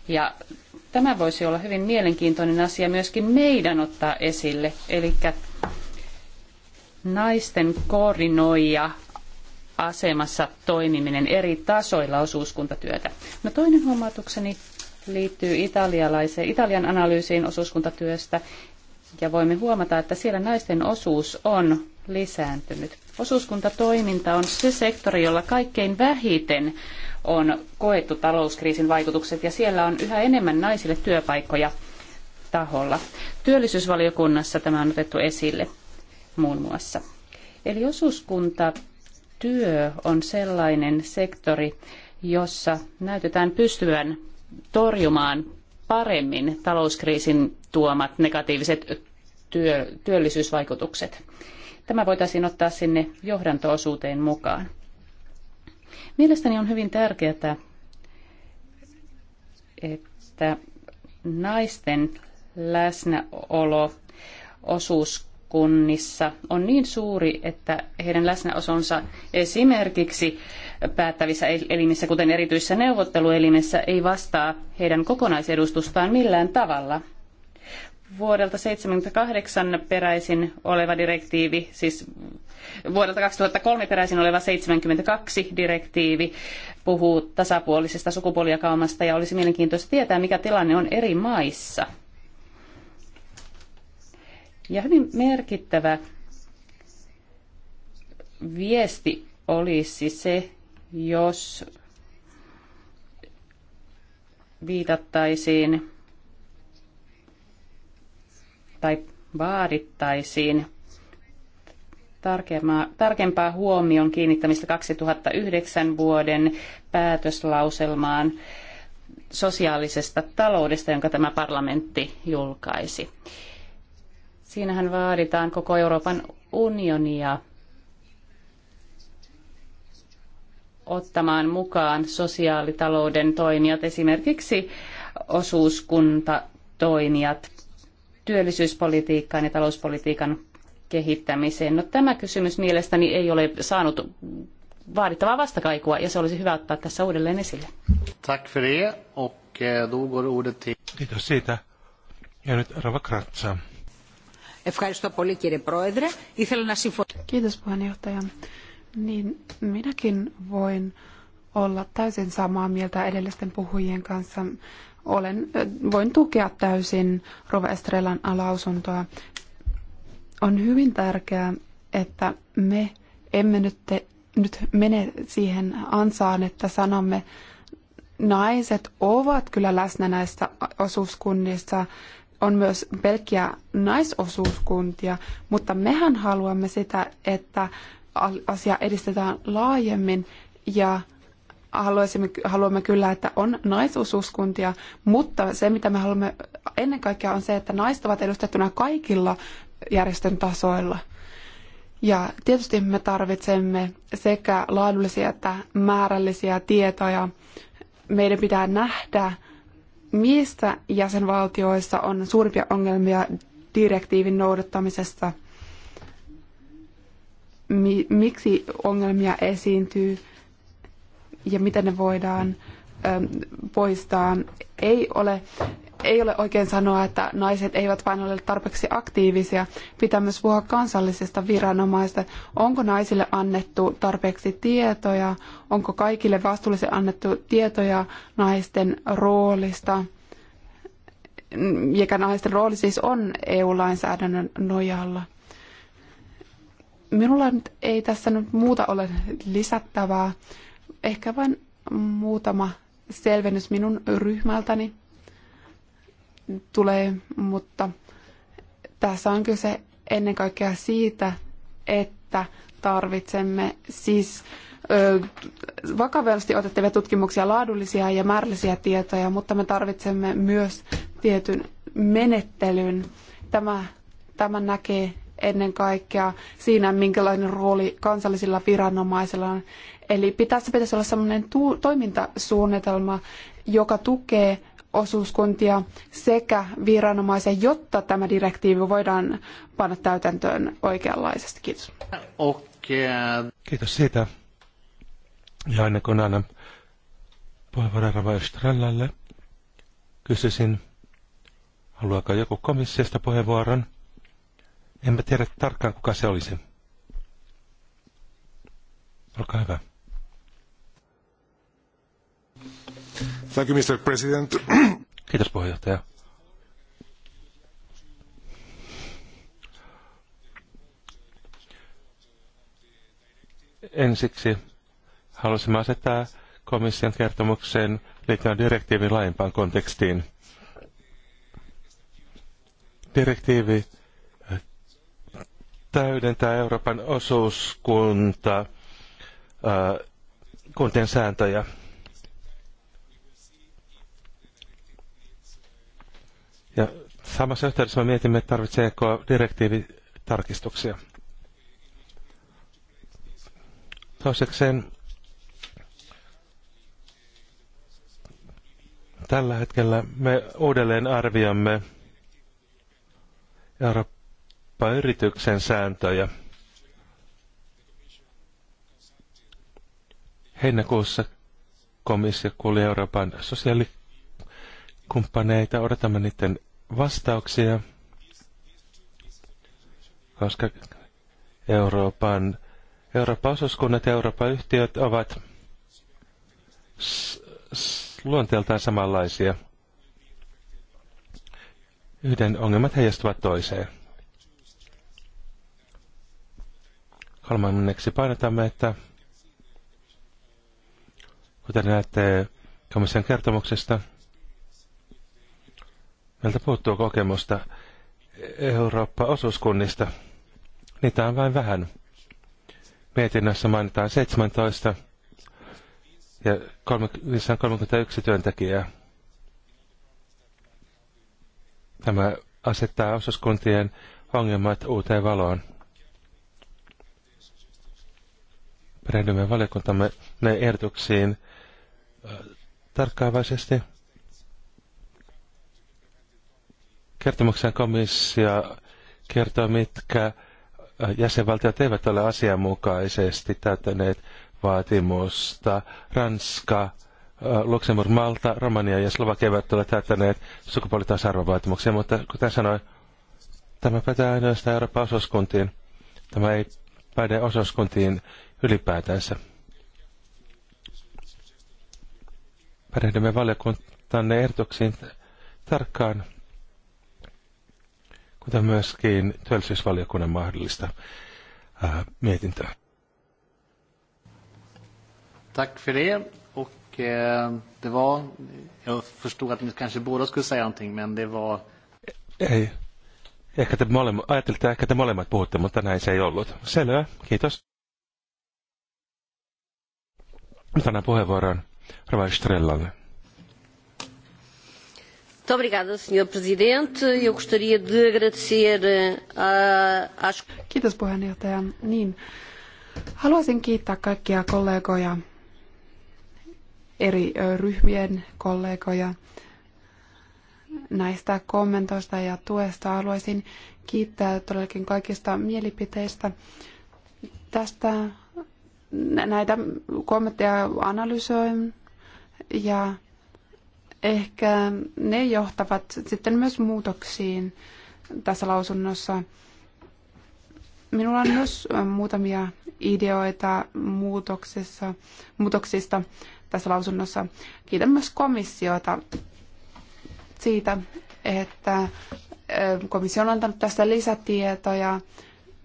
Ja tämä voisi olla hyvin mielenkiintoinen asia myöskin meidän ottaa esille, eli naisten koordinoija asemassa toimiminen eri tasoilla osuuskuntatyötä. No toinen huomautukseni liittyy italialaiseen, Italian analyysiin osuuskuntatyöstä ja voimme huomata, että siellä naisten osuus on lisääntynyt. Osuuskuntatoiminta on se sektori, jolla kaikkein vähiten on koettu talouskriisin vaikutukset ja siellä on yhä enemmän naisille työpaikkoja taholla. Työllisyysvaliokunnassa tämä on otettu esille muun muassa. Eli osuuskuntatyö työ on sellainen sektori, jossa näytetään pystyvän torjumaan paremmin talouskriisin tuomat negatiiviset työ, työllisyysvaikutukset. Tämä voitaisiin ottaa sinne johdantoosuuteen mukaan. Mielestäni on hyvin tärkeää, että naisten läsnäolo osuus kunnissa on niin suuri, että heidän läsnäosonsa esimerkiksi päättävissä elimissä, kuten erityisissä neuvotteluelimissä, ei vastaa heidän kokonaisedustustaan millään tavalla. Vuodelta 78 peräisin oleva direktiivi, siis vuodelta 2003 peräisin oleva 72 direktiivi puhuu tasapuolisesta sukupuolijakaumasta ja olisi mielenkiintoista tietää, mikä tilanne on eri maissa – ja hyvin merkittävä viesti olisi se, jos viitattaisiin tai vaadittaisiin tarkempaa huomion kiinnittämistä 2009 vuoden päätöslauselmaan sosiaalisesta taloudesta, jonka tämä parlamentti julkaisi. Siinähän vaaditaan koko Euroopan unionia ottamaan mukaan sosiaalitalouden toimijat, esimerkiksi osuuskuntatoimijat, työllisyyspolitiikkaan ja talouspolitiikan kehittämiseen. No, tämä kysymys mielestäni ei ole saanut vaadittavaa vastakaikua ja se olisi hyvä ottaa tässä uudelleen esille. Tack för det och eh, då går ordet till... Kiitos siitä. Ja nyt Rava Kratsa. Ευχαριστώ πολύ κύριε Πρόεδρε. Ήθελα να συμφωνήσω. Kiitos puheenjohtaja. Niin minäkin voin olla täysin samaa mieltä edellisten puhujien kanssa. Olen, voin tukea täysin Rova Estrelan lausuntoa. On hyvin tärkeää, että me emme nyt, te, nyt mene siihen ansaan, että sanomme, naiset ovat kyllä läsnä näissä osuuskunnissa on myös pelkkiä naisosuuskuntia, mutta mehän haluamme sitä, että asia edistetään laajemmin ja haluaisimme, haluamme kyllä, että on naisosuuskuntia, mutta se, mitä me haluamme ennen kaikkea on se, että naiset ovat edustettuna kaikilla järjestön tasoilla. Ja tietysti me tarvitsemme sekä laadullisia että määrällisiä tietoja. Meidän pitää nähdä, Mistä jäsenvaltioissa on suurimpia ongelmia direktiivin noudattamisessa? miksi ongelmia esiintyy ja miten ne voidaan poistaa? Ei ole ei ole oikein sanoa, että naiset eivät vain ole tarpeeksi aktiivisia. Pitää myös puhua kansallisista viranomaista. Onko naisille annettu tarpeeksi tietoja? Onko kaikille vastuullisille annettu tietoja naisten roolista? Mikä naisten rooli siis on EU-lainsäädännön nojalla? Minulla nyt ei tässä nyt muuta ole lisättävää. Ehkä vain muutama selvennys minun ryhmältäni tulee, mutta tässä on kyse ennen kaikkea siitä, että tarvitsemme siis vakavasti otettavia tutkimuksia, laadullisia ja määrällisiä tietoja, mutta me tarvitsemme myös tietyn menettelyn. Tämä, tämä näkee ennen kaikkea siinä, minkälainen rooli kansallisilla viranomaisilla on. Eli pitäisi, pitäisi olla sellainen toimintasuunnitelma, joka tukee osuuskuntia sekä viranomaisia, jotta tämä direktiivi voidaan panna täytäntöön oikeanlaisesti. Kiitos. Okay. Kiitos siitä. Ja ennen kuin annan puheenvuoron kysyisin, haluaako joku komissiosta puheenvuoron? En mä tiedä tarkkaan, kuka se olisi. Olkaa hyvä. Thank you, Mr. President. Kiitos puheenjohtaja. Ensiksi haluaisimme asettaa komission kertomuksen liittyen direktiivin laajempaan kontekstiin. Direktiivi täydentää Euroopan osuuskunta äh, kuntien sääntöjä. Samassa yhteydessä me mietimme, tarvitseeko direktiivi tarkistuksia. Toisekseen tällä hetkellä me uudelleen arvioimme Euroopan yrityksen sääntöjä. Heinäkuussa komissio kuuli Euroopan sosiaalikumppaneita. Odotamme niiden vastauksia, koska Euroopan, Euroopan osuuskunnat ja Euroopan yhtiöt ovat luonteeltaan samanlaisia. Yhden ongelmat heijastuvat toiseen. Kolmanneksi painotamme, että kuten näette komission kertomuksesta – Meiltä puuttuu kokemusta Eurooppa-osuuskunnista. Niitä on vain vähän. Mietinnössä mainitaan 17 ja 31 työntekijää. Tämä asettaa osuuskuntien ongelmat uuteen valoon. Perehdymme valiokuntamme ne ehdotuksiin äh, tarkkaavaisesti – Kertomuksen komissio kertoo, mitkä äh, jäsenvaltiot eivät ole asianmukaisesti täyttäneet vaatimusta. Ranska, äh, Luxemburg, Malta, Romania ja Slovakia eivät ole täyttäneet sukupuolitasa-arvovaatimuksia, mutta kuten sanoin, tämä pätee ainoastaan Euroopan osuuskuntiin. Tämä ei päde osuuskuntiin ylipäätänsä. Perehdymme valiokuntanne ehdotuksiin tarkkaan kuten myöskin työllisyysvaliokunnan mahdollista ää, äh, mietintöä. Tack för det. Och eh, det var, jag förstod att ni kanske båda skulle säga någonting, men det var... Ei. Ehkä te molemmat, ajattelitte, ehkä te molemmat puhutte, mutta näin se ei ollut. Selvä, kiitos. Tänään puheenvuoron Rava Strellalle. Muito obrigada, Presidente. Eu gostaria de agradecer eh, Kiitos puheenjohtaja. Niin, haluaisin kiittää kaikkia kollegoja, eri ryhmien kollegoja näistä kommentoista ja tuesta. Haluaisin kiittää todellakin kaikista mielipiteistä. Tästä näitä kommentteja analysoin ja ehkä ne johtavat sitten myös muutoksiin tässä lausunnossa. Minulla on myös muutamia ideoita muutoksissa, muutoksista tässä lausunnossa. Kiitän myös komissiota siitä, että komissio on antanut tässä lisätietoja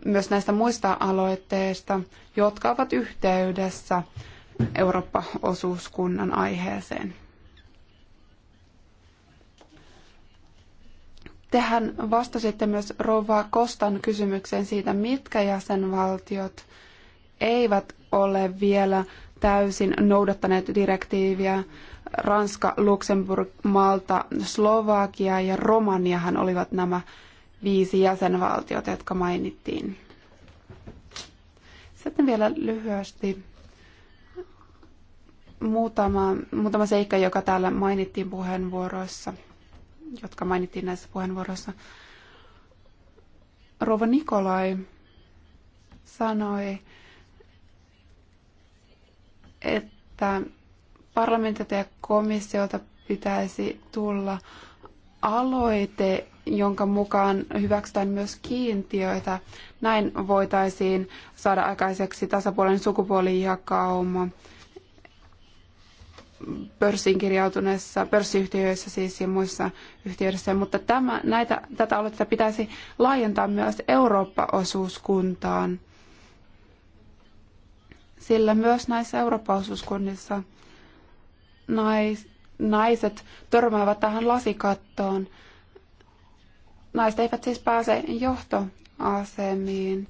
myös näistä muista aloitteista, jotka ovat yhteydessä Eurooppa-osuuskunnan aiheeseen. Tehän vastasitte myös Rova Kostan kysymykseen siitä, mitkä jäsenvaltiot eivät ole vielä täysin noudattaneet direktiiviä. Ranska, Luxemburg, Malta, Slovakia ja Romaniahan olivat nämä viisi jäsenvaltiota, jotka mainittiin. Sitten vielä lyhyesti muutama, muutama seikka, joka täällä mainittiin puheenvuoroissa – jotka mainittiin näissä puheenvuoroissa. Rova Nikolai sanoi, että parlamentilta ja komissiolta pitäisi tulla aloite, jonka mukaan hyväksytään myös kiintiöitä. Näin voitaisiin saada aikaiseksi tasapuolinen sukupuolijakauma pörssiin kirjautuneissa pörssiyhtiöissä siis ja muissa yhtiöissä, mutta tämä, näitä, tätä aloitetta pitäisi laajentaa myös Eurooppa-osuuskuntaan, sillä myös näissä Eurooppa-osuuskunnissa nais, naiset törmäävät tähän lasikattoon. Naiset eivät siis pääse johtoasemiin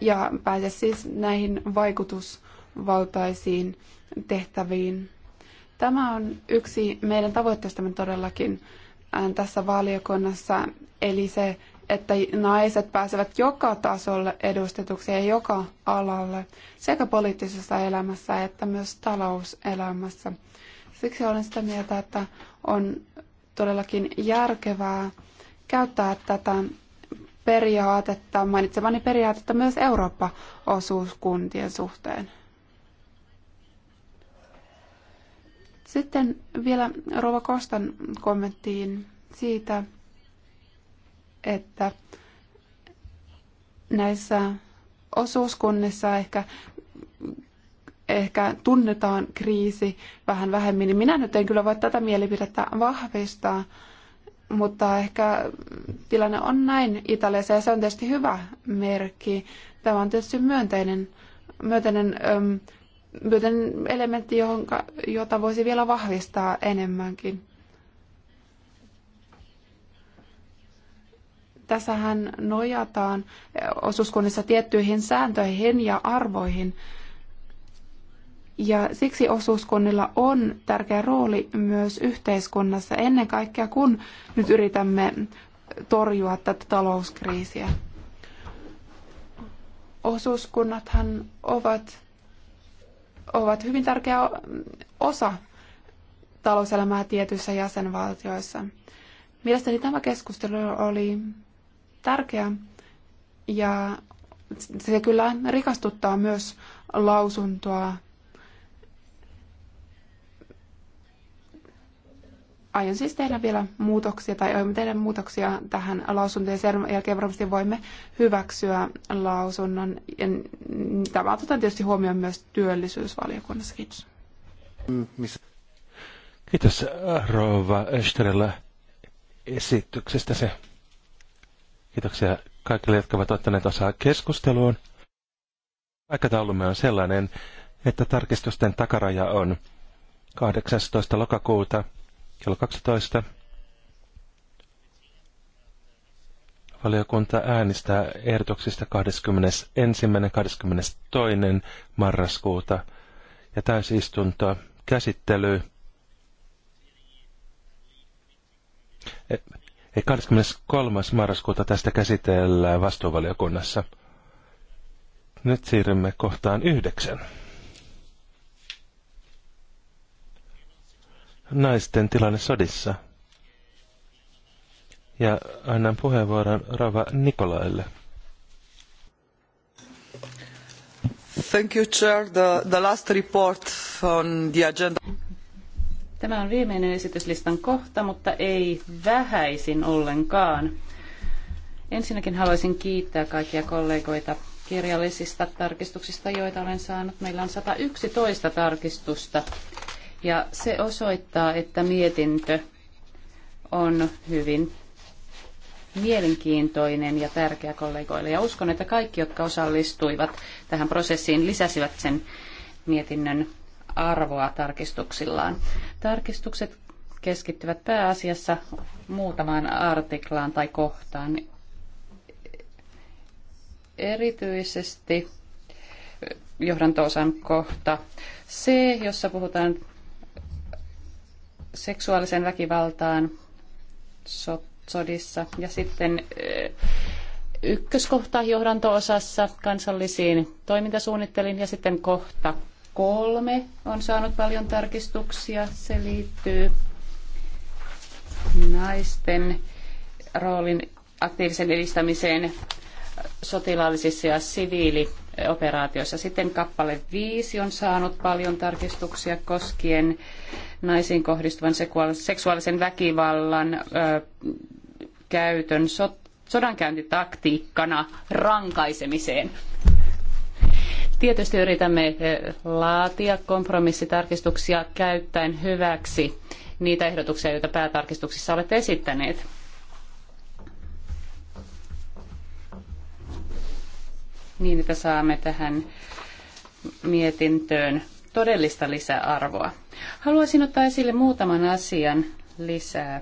ja pääse siis näihin vaikutus- valtaisiin tehtäviin. Tämä on yksi meidän tavoitteistamme todellakin tässä valiokunnassa, eli se, että naiset pääsevät joka tasolle edustetuksi ja joka alalle, sekä poliittisessa elämässä että myös talouselämässä. Siksi olen sitä mieltä, että on todellakin järkevää käyttää tätä periaatetta, mainitsemani periaatetta myös Eurooppa-osuuskuntien suhteen. Sitten vielä Rova Kostan kommenttiin siitä, että näissä osuuskunnissa ehkä, ehkä tunnetaan kriisi vähän vähemmin, niin minä nyt en kyllä voi tätä mielipidettä vahvistaa, mutta ehkä tilanne on näin Italiassa ja se on tietysti hyvä merkki. Tämä on tietysti myönteinen, myönteinen öm, myöten elementti, johonka, jota voisi vielä vahvistaa enemmänkin. Tässähän nojataan osuuskunnissa tiettyihin sääntöihin ja arvoihin. Ja siksi osuuskunnilla on tärkeä rooli myös yhteiskunnassa, ennen kaikkea kun nyt yritämme torjua tätä talouskriisiä. Osuuskunnathan ovat ovat hyvin tärkeä osa talouselämää tietyissä jäsenvaltioissa. Mielestäni tämä keskustelu oli tärkeä ja se kyllä rikastuttaa myös lausuntoa aion siis tehdä vielä muutoksia tai aion tehdä muutoksia tähän lausuntoon ja sen jälkeen varmasti voimme hyväksyä lausunnon. Tämä otetaan tietysti huomioon myös työllisyysvaliokunnassa. Kiitos. Kiitos Rova Österellä esityksestä se. Kiitoksia kaikille, jotka ovat ottaneet osaa keskusteluun. Aikataulumme on sellainen, että tarkistusten takaraja on 18. lokakuuta kello 12. Valiokunta äänestää ehdotuksista 21. 22. marraskuuta ja täysistunto käsittely e, ei 23. marraskuuta tästä käsitellään vastuuvaliokunnassa. Nyt siirrymme kohtaan yhdeksän. naisten tilanne sodissa. Ja annan puheenvuoron Rava Nikolaille. Thank you, Chair. The, the last report on the agenda. Tämä on viimeinen esityslistan kohta, mutta ei vähäisin ollenkaan. Ensinnäkin haluaisin kiittää kaikkia kollegoita kirjallisista tarkistuksista, joita olen saanut. Meillä on 111 tarkistusta ja se osoittaa, että mietintö on hyvin mielenkiintoinen ja tärkeä kollegoille. Ja uskon, että kaikki, jotka osallistuivat tähän prosessiin, lisäsivät sen mietinnön arvoa tarkistuksillaan. Tarkistukset keskittyvät pääasiassa muutamaan artiklaan tai kohtaan. Erityisesti johdantoosan kohta C, jossa puhutaan seksuaalisen väkivaltaan sodissa ja sitten eh, ykköskohta johdanto-osassa kansallisiin toimintasuunnitteliin ja sitten kohta kolme on saanut paljon tarkistuksia. Se liittyy naisten roolin aktiivisen edistämiseen sotilaallisissa ja siviili- operaatioissa. Sitten kappale 5 on saanut paljon tarkistuksia koskien naisiin kohdistuvan seksuaalisen väkivallan ö, käytön sot, sodankäyntitaktiikkana rankaisemiseen. Tietysti yritämme laatia kompromissitarkistuksia käyttäen hyväksi niitä ehdotuksia, joita päätarkistuksissa olette esittäneet. niin, että saamme tähän mietintöön todellista lisäarvoa. Haluaisin ottaa esille muutaman asian lisää,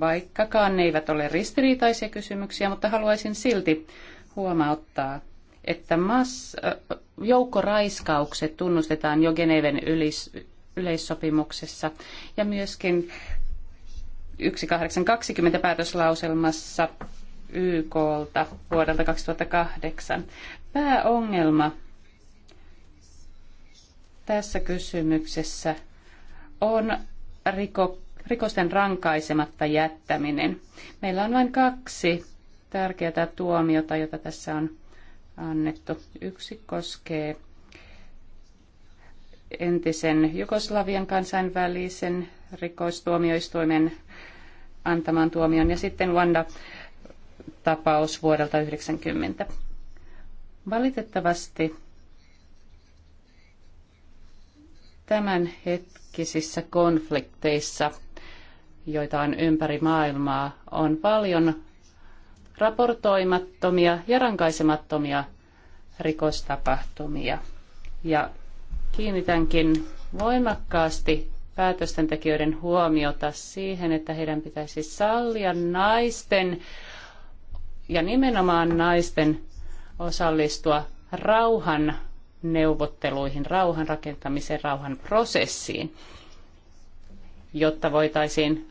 vaikkakaan ne eivät ole ristiriitaisia kysymyksiä, mutta haluaisin silti huomauttaa, että mass, joukkoraiskaukset tunnustetaan jo Geneven ylis, yleissopimuksessa ja myöskin 1820 päätöslauselmassa YKlta vuodelta 2008. Pääongelma tässä kysymyksessä on riko, rikosten rankaisematta jättäminen. Meillä on vain kaksi tärkeää tuomiota, jota tässä on annettu. Yksi koskee entisen Jugoslavian kansainvälisen rikostuomioistuimen antamaan tuomion ja sitten Wanda tapaus vuodelta 90. Valitettavasti tämänhetkisissä konflikteissa, joita on ympäri maailmaa, on paljon raportoimattomia ja rankaisemattomia rikostapahtumia. Ja kiinnitänkin voimakkaasti päätöstentekijöiden huomiota siihen, että heidän pitäisi sallia naisten ja nimenomaan naisten osallistua rauhan neuvotteluihin, rauhan rakentamiseen, rauhan prosessiin, jotta voitaisiin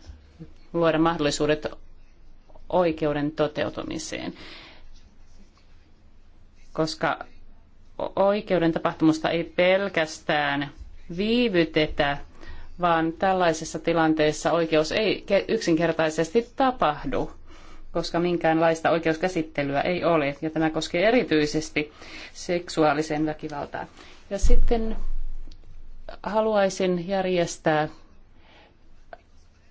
luoda mahdollisuudet oikeuden toteutumiseen. Koska oikeuden tapahtumusta ei pelkästään viivytetä, vaan tällaisessa tilanteessa oikeus ei yksinkertaisesti tapahdu koska minkäänlaista oikeuskäsittelyä ei ole. Ja tämä koskee erityisesti seksuaalisen väkivaltaa. Ja sitten haluaisin järjestää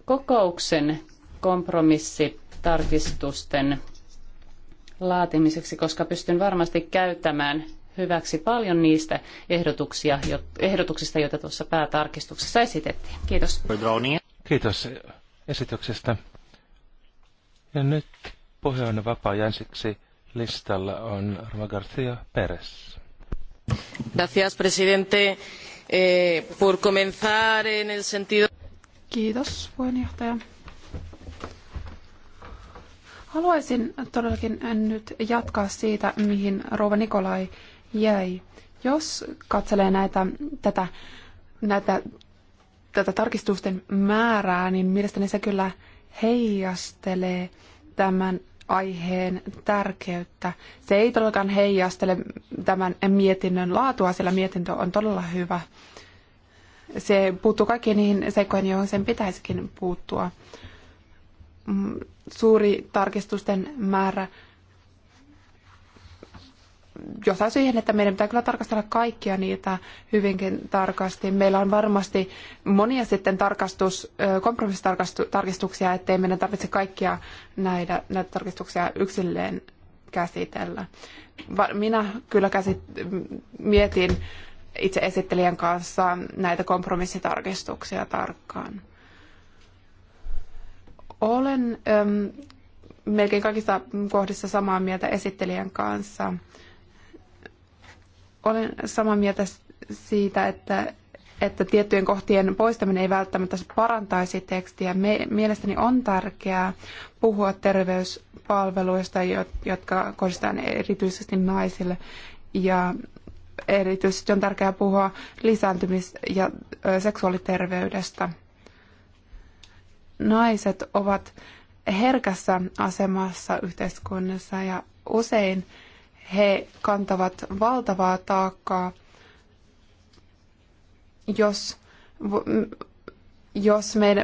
kokouksen kompromissitarkistusten laatimiseksi, koska pystyn varmasti käyttämään hyväksi paljon niistä ehdotuksia, ehdotuksista, joita tuossa päätarkistuksessa esitettiin. Kiitos. Kiitos esityksestä. Ja nyt pohjoinen vapaa ja listalla on Roma García Pérez. Gracias, presidente. Eh, por comenzar en el sentido... Kiitos, puheenjohtaja. Haluaisin todellakin nyt jatkaa siitä, mihin Rova Nikolai jäi. Jos katselee näitä, tätä, näitä, tätä tarkistusten määrää, niin mielestäni se kyllä heijastelee tämän aiheen tärkeyttä. Se ei todellakaan heijastele tämän mietinnön laatua, sillä mietintö on todella hyvä. Se puuttuu kaikkiin niihin seikkoihin, joihin sen pitäisikin puuttua. Mm, suuri tarkistusten määrä johtaa siihen, että meidän pitää kyllä tarkastella kaikkia niitä hyvinkin tarkasti. Meillä on varmasti monia sitten tarkastus, kompromissitarkistuksia, ettei meidän tarvitse kaikkia näitä, näitä tarkistuksia yksilleen käsitellä. minä kyllä käsit, mietin itse esittelijän kanssa näitä kompromissitarkistuksia tarkkaan. Olen melkein kaikissa kohdissa samaa mieltä esittelijän kanssa. Olen samaa mieltä siitä, että, että tiettyjen kohtien poistaminen ei välttämättä parantaisi tekstiä. Me, mielestäni on tärkeää puhua terveyspalveluista, jotka kohdistetaan erityisesti naisille. Ja erityisesti on tärkeää puhua lisääntymis- ja seksuaaliterveydestä. Naiset ovat herkässä asemassa yhteiskunnassa ja usein he kantavat valtavaa taakkaa, jos, jos me,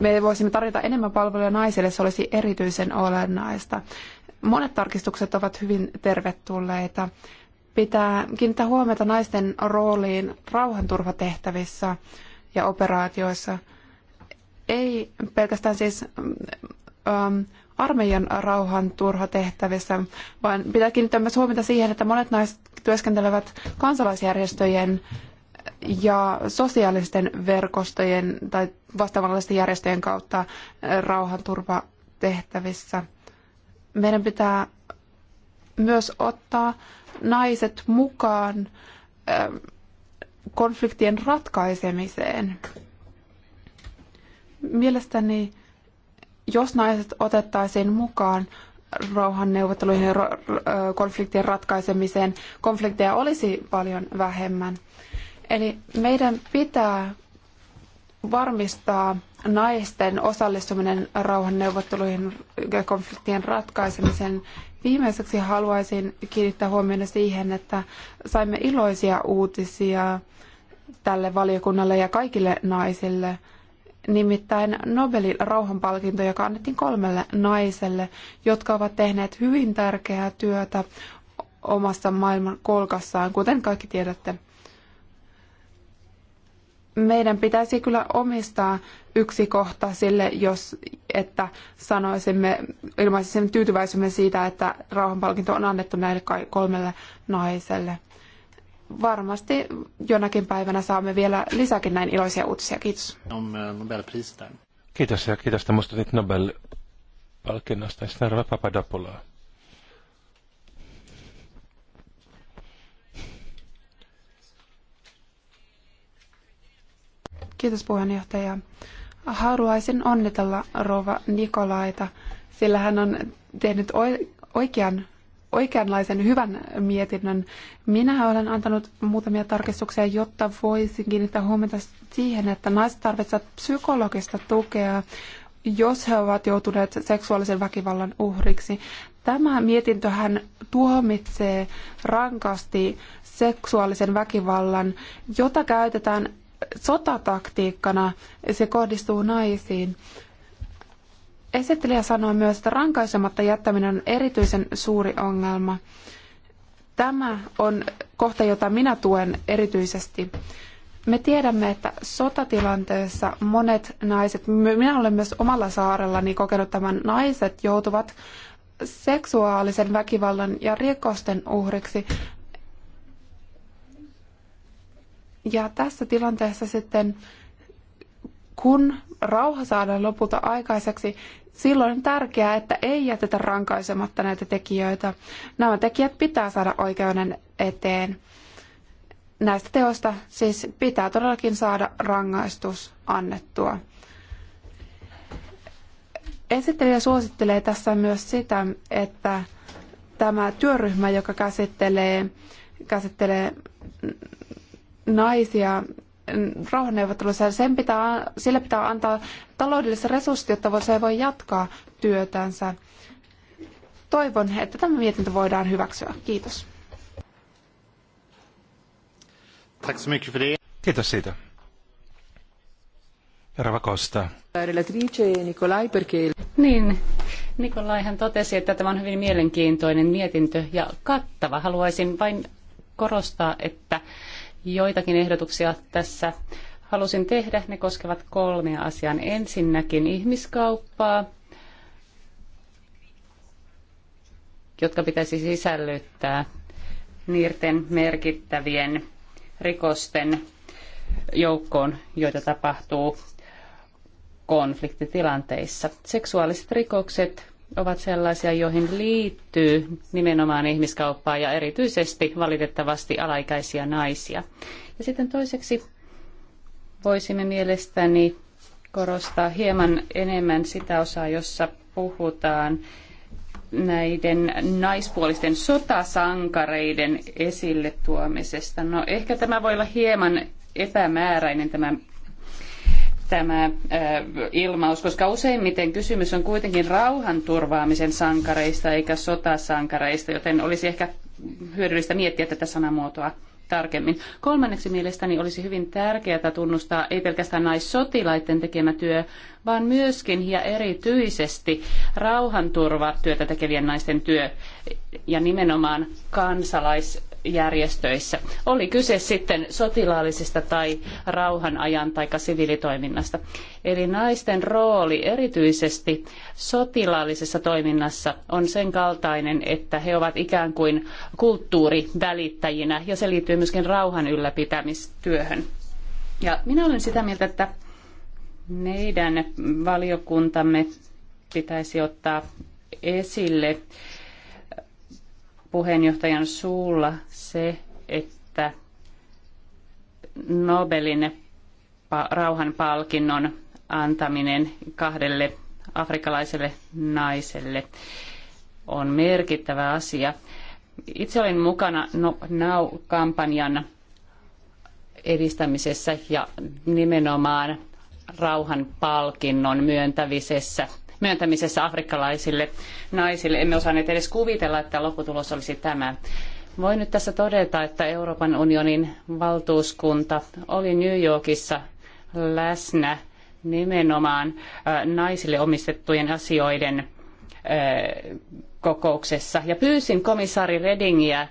me voisimme tarjota enemmän palveluja naisille, se olisi erityisen olennaista. Monet tarkistukset ovat hyvin tervetulleita. Pitää kiinnittää huomiota naisten rooliin rauhanturvatehtävissä ja operaatioissa. Ei pelkästään siis ähm, armeijan rauhan tehtävissä, vaan pitää kiinnittää myös huomiota siihen, että monet naiset työskentelevät kansalaisjärjestöjen ja sosiaalisten verkostojen tai vastaavanlaisten järjestöjen kautta äh, rauhanturvatehtävissä. Meidän pitää myös ottaa naiset mukaan äh, konfliktien ratkaisemiseen. Mielestäni jos naiset otettaisiin mukaan rauhanneuvotteluihin ja konfliktien ratkaisemiseen, konflikteja olisi paljon vähemmän. Eli meidän pitää varmistaa naisten osallistuminen rauhanneuvotteluihin ja konfliktien ratkaisemiseen. Viimeiseksi haluaisin kiinnittää huomiota siihen, että saimme iloisia uutisia tälle valiokunnalle ja kaikille naisille – nimittäin Nobelin rauhanpalkinto, joka annettiin kolmelle naiselle, jotka ovat tehneet hyvin tärkeää työtä omassa maailman kolkassaan, kuten kaikki tiedätte. Meidän pitäisi kyllä omistaa yksi kohta sille, jos, että sanoisimme, ilmaisisimme tyytyväisyymme siitä, että rauhanpalkinto on annettu näille kolmelle naiselle varmasti jonakin päivänä saamme vielä lisäkin näin iloisia uutisia. Kiitos. Eh, kiitos ja kiitos, tämmöistä Nobel-palkinnosta Snarva Papadopoulos. Kiitos puheenjohtaja. Haluaisin onnitella rouva Nikolaita, sillä hän on tehnyt oikean oikeanlaisen hyvän mietinnön. Minä olen antanut muutamia tarkistuksia, jotta voisin kiinnittää huomiota siihen, että naiset tarvitsevat psykologista tukea, jos he ovat joutuneet seksuaalisen väkivallan uhriksi. Tämä mietintöhän tuomitsee rankasti seksuaalisen väkivallan, jota käytetään sotataktiikkana. Se kohdistuu naisiin. Esittelijä sanoi myös, että rankaisematta jättäminen on erityisen suuri ongelma. Tämä on kohta, jota minä tuen erityisesti. Me tiedämme, että sotatilanteessa monet naiset, minä olen myös omalla saarellani kokenut tämän, naiset joutuvat seksuaalisen väkivallan ja rikosten uhriksi. Ja tässä tilanteessa sitten, kun rauha saadaan lopulta aikaiseksi, silloin on tärkeää, että ei jätetä rankaisematta näitä tekijöitä. Nämä tekijät pitää saada oikeuden eteen. Näistä teoista siis pitää todellakin saada rangaistus annettua. Esittelijä suosittelee tässä myös sitä, että tämä työryhmä, joka käsittelee, käsittelee naisia rauhanneuvottelussa. Sen pitää, sille pitää antaa taloudelliset resurssit, jotta se voi jatkaa työtänsä. Toivon, että tämä mietintö voidaan hyväksyä. Kiitos. Kiitos siitä. Rava Costa. Nikolai, Niin, Nikolaihan totesi, että tämä on hyvin mielenkiintoinen mietintö ja kattava. Haluaisin vain korostaa, että joitakin ehdotuksia tässä halusin tehdä. Ne koskevat kolmea asiaa. Ensinnäkin ihmiskauppaa, jotka pitäisi sisällyttää niiden merkittävien rikosten joukkoon, joita tapahtuu konfliktitilanteissa. Seksuaaliset rikokset ovat sellaisia, joihin liittyy nimenomaan ihmiskauppaa ja erityisesti valitettavasti alaikäisiä naisia. Ja sitten toiseksi voisimme mielestäni korostaa hieman enemmän sitä osaa, jossa puhutaan näiden naispuolisten sotasankareiden esille tuomisesta. No ehkä tämä voi olla hieman epämääräinen tämä tämä ilmaus, koska useimmiten kysymys on kuitenkin rauhanturvaamisen sankareista eikä sotasankareista, joten olisi ehkä hyödyllistä miettiä tätä sanamuotoa tarkemmin. Kolmanneksi mielestäni olisi hyvin tärkeää tunnustaa ei pelkästään naissotilaiden tekemä työ, vaan myöskin ja erityisesti rauhanturvatyötä tekevien naisten työ ja nimenomaan kansalais järjestöissä. Oli kyse sitten sotilaallisista tai rauhanajan tai siviilitoiminnasta. Eli naisten rooli erityisesti sotilaallisessa toiminnassa on sen kaltainen, että he ovat ikään kuin kulttuurivälittäjinä ja se liittyy myöskin rauhan ylläpitämistyöhön. Ja minä olen sitä mieltä, että meidän valiokuntamme pitäisi ottaa esille puheenjohtajan suulla se, että Nobelin rauhanpalkinnon antaminen kahdelle afrikkalaiselle naiselle on merkittävä asia. Itse olin mukana no Now-kampanjan edistämisessä ja nimenomaan rauhanpalkinnon palkinnon myöntävisessä myöntämisessä afrikkalaisille naisille. Emme osanneet edes kuvitella, että lopputulos olisi tämä. Voin nyt tässä todeta, että Euroopan unionin valtuuskunta oli New Yorkissa läsnä nimenomaan äh, naisille omistettujen asioiden äh, kokouksessa ja pyysin komissaari Redingiä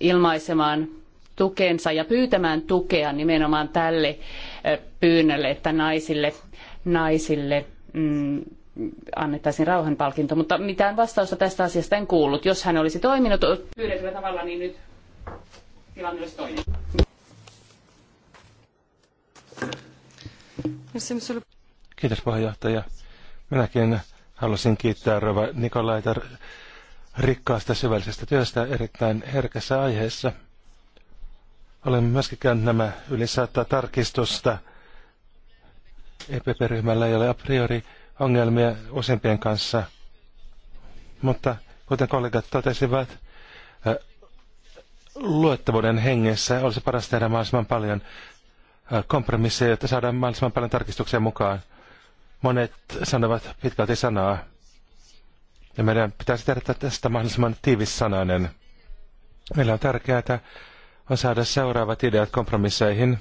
ilmaisemaan tukensa ja pyytämään tukea nimenomaan tälle äh, pyynnölle, että naisille, naisille mm, annettaisiin rauhanpalkinto, mutta mitään vastausta tästä asiasta en kuullut. Jos hän olisi toiminut pyydetyllä tavalla, niin nyt tilanne olisi toinen. Kiitos puheenjohtaja. Minäkin haluaisin kiittää Rova Nikolaita rikkaasta syvällisestä työstä erittäin herkässä aiheessa. Olen myöskin käynyt nämä yli saattaa tarkistusta. EPP-ryhmällä ei ole a priori ongelmia useimpien kanssa. Mutta kuten kollegat totesivat, luettavuuden hengessä olisi paras tehdä mahdollisimman paljon kompromisseja, jotta saadaan mahdollisimman paljon tarkistuksia mukaan. Monet sanovat pitkälti sanaa. Ja meidän pitäisi tehdä tästä mahdollisimman tiivissanainen. Meillä on tärkeää on saada seuraavat ideat kompromisseihin.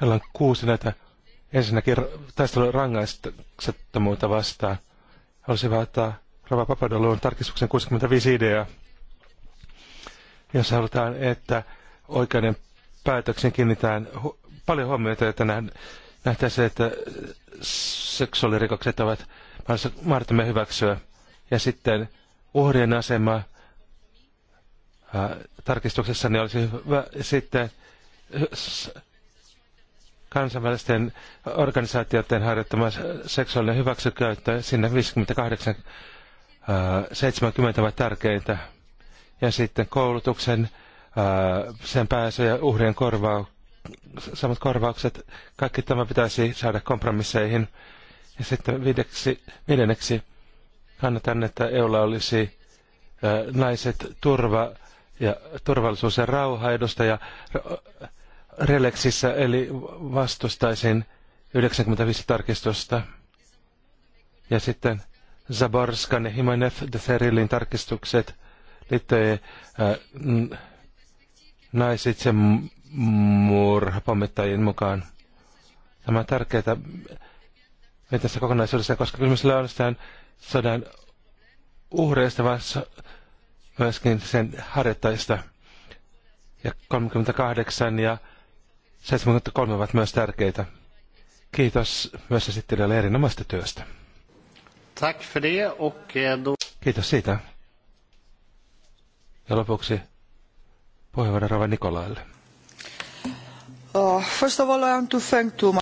Meillä on kuusi näitä ensinnäkin taistelu rangaistuksettomuutta vastaan. Haluaisin ottaa Rova Papadoluun tarkistuksen 65 ideaa, jossa halutaan, että oikeuden päätöksen kiinnitään hu- paljon huomiota, että se, että seksuaalirikokset ovat mahdollisimman hyväksyä. Ja sitten uhrien asema tarkistuksessa niin olisi hyvä sitten kansainvälisten organisaatioiden harjoittama seksuaalinen hyväksikäyttö, sinne 58 70 äh, ovat tärkeintä. Ja sitten koulutuksen, äh, sen pääsy ja uhrien korvaus samat korvaukset, kaikki tämä pitäisi saada kompromisseihin. Ja sitten viideksi, viidenneksi kannatan, että EUlla olisi äh, naiset turva ja turvallisuus ja rauha edustaja Relexissä, eli vastustaisin 95 tarkistusta. Ja sitten Zaborskan ja Himanev de Ferilin tarkistukset liittyy äh, naisitse murhapommittajien mukaan. Tämä on tärkeää me tässä kokonaisuudessa, koska kysymys on sitä sodan uhreista, vaan myöskin sen harjoittajista. Ja 38 ja 73 ovat myös tärkeitä. Kiitos myös esittelijälle erinomaista työstä. Tack för det och eh, då... Kiitos siitä. Ja lopuksi puheenvuoron Rava Nikolaille. Oh, first of all, I want to thank to my...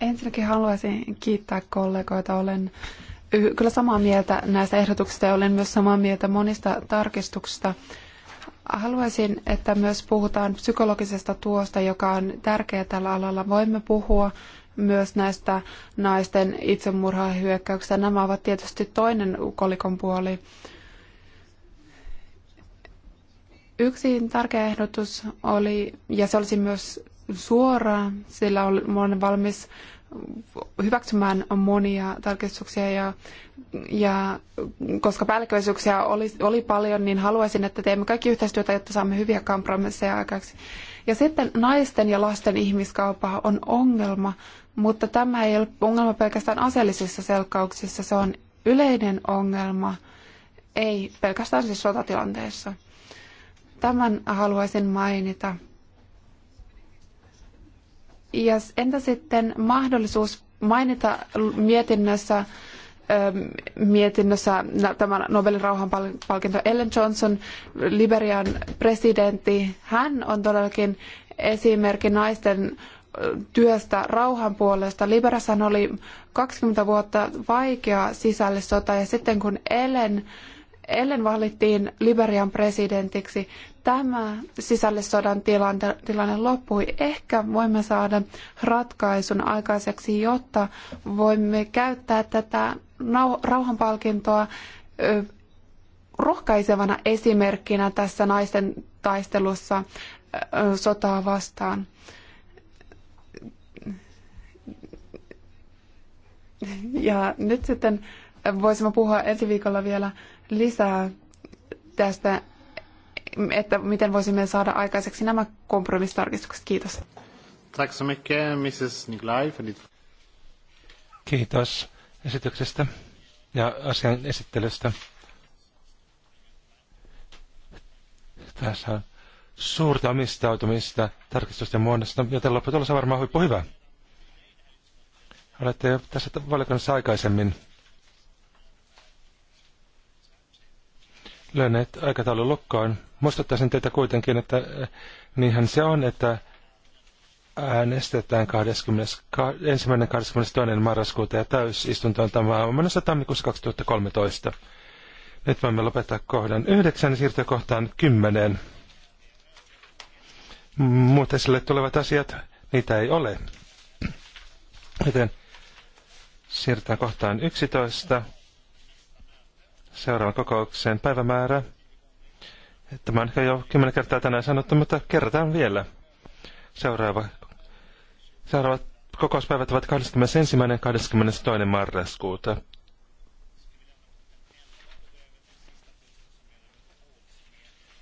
Ensinnäkin haluaisin kiittää kollegoita. Olen kyllä samaa mieltä näistä ehdotuksista ja olen myös samaa mieltä monista tarkistuksista. Haluaisin, että myös puhutaan psykologisesta tuosta, joka on tärkeä tällä alalla. Voimme puhua myös näistä naisten itsemurhahyökkäyksistä. Nämä ovat tietysti toinen kolikon puoli. Yksi tärkeä ehdotus oli, ja se olisi myös suora, sillä olen valmis hyväksymään monia tarkistuksia ja, ja koska päällekkäisyyksiä oli, oli paljon, niin haluaisin, että teemme kaikki yhteistyötä, jotta saamme hyviä kompromisseja aikaiseksi. Ja sitten naisten ja lasten ihmiskauppa on ongelma, mutta tämä ei ole ongelma pelkästään aseellisissa selkkauksissa, se on yleinen ongelma, ei pelkästään siis sotatilanteessa. Tämän haluaisin mainita. Ja entä sitten mahdollisuus mainita mietinnössä ähm, mietinnössä tämä Nobelin rauhanpalkinto Ellen Johnson, Liberian presidentti. Hän on todellakin esimerkki naisten äh, työstä rauhan puolesta. Liberassahan oli 20 vuotta vaikea sisällissota ja sitten kun Ellen, Ellen valittiin Liberian presidentiksi, tämä sisällissodan tilante, tilanne loppui, ehkä voimme saada ratkaisun aikaiseksi, jotta voimme käyttää tätä rauhanpalkintoa rohkaisevana esimerkkinä tässä naisten taistelussa sotaa vastaan. Ja nyt sitten voisimme puhua ensi viikolla vielä lisää tästä että miten voisimme saada aikaiseksi nämä kompromissitarkistukset. Kiitos. Tack så mycket, Mrs. Nikolai, för ditt... Kiitos esityksestä ja asian esittelystä. Tässä on suurta omistautumista tarkistusten muodosta, joten lopputulos on varmaan huippu hyvä. Olette jo tässä valiokunnassa aikaisemmin löyneet aikataulun lukkoon Muistuttaisin teitä kuitenkin, että eh, niinhän se on, että äänestetään 20 22. marraskuuta ja täysistunto on tämä on menossa tammikuussa 2013. Nyt voimme lopettaa kohdan 9 ja siirtyä kohtaan 10. Muut esille tulevat asiat, niitä ei ole. Joten siirrytään kohtaan 11. Seuraavan kokouksen päivämäärä Tämä on ehkä jo kymmenen kertaa tänään sanottu, mutta kerrotaan vielä. Seuraava. Seuraavat kokouspäivät ovat 21. ja 22. marraskuuta.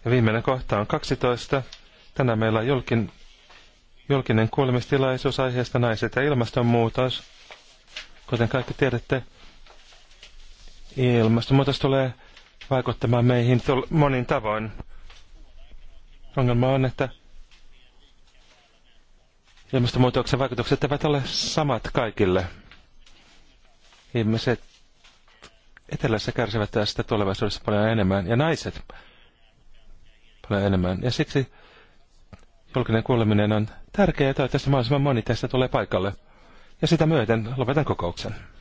Ja viimeinen kohta on 12. Tänään meillä on julkin, julkinen kuulemistilaisuus aiheesta naiset ja ilmastonmuutos. Kuten kaikki tiedätte, ilmastonmuutos tulee vaikuttamaan meihin monin tavoin. Ongelma on, että ilmastonmuutoksen vaikutukset eivät ole samat kaikille. Ihmiset etelässä kärsivät tästä tulevaisuudessa paljon enemmän, ja naiset paljon enemmän. Ja siksi julkinen kuuleminen on tärkeää, että tässä mahdollisimman moni tästä tulee paikalle. Ja sitä myöten lopetan kokouksen.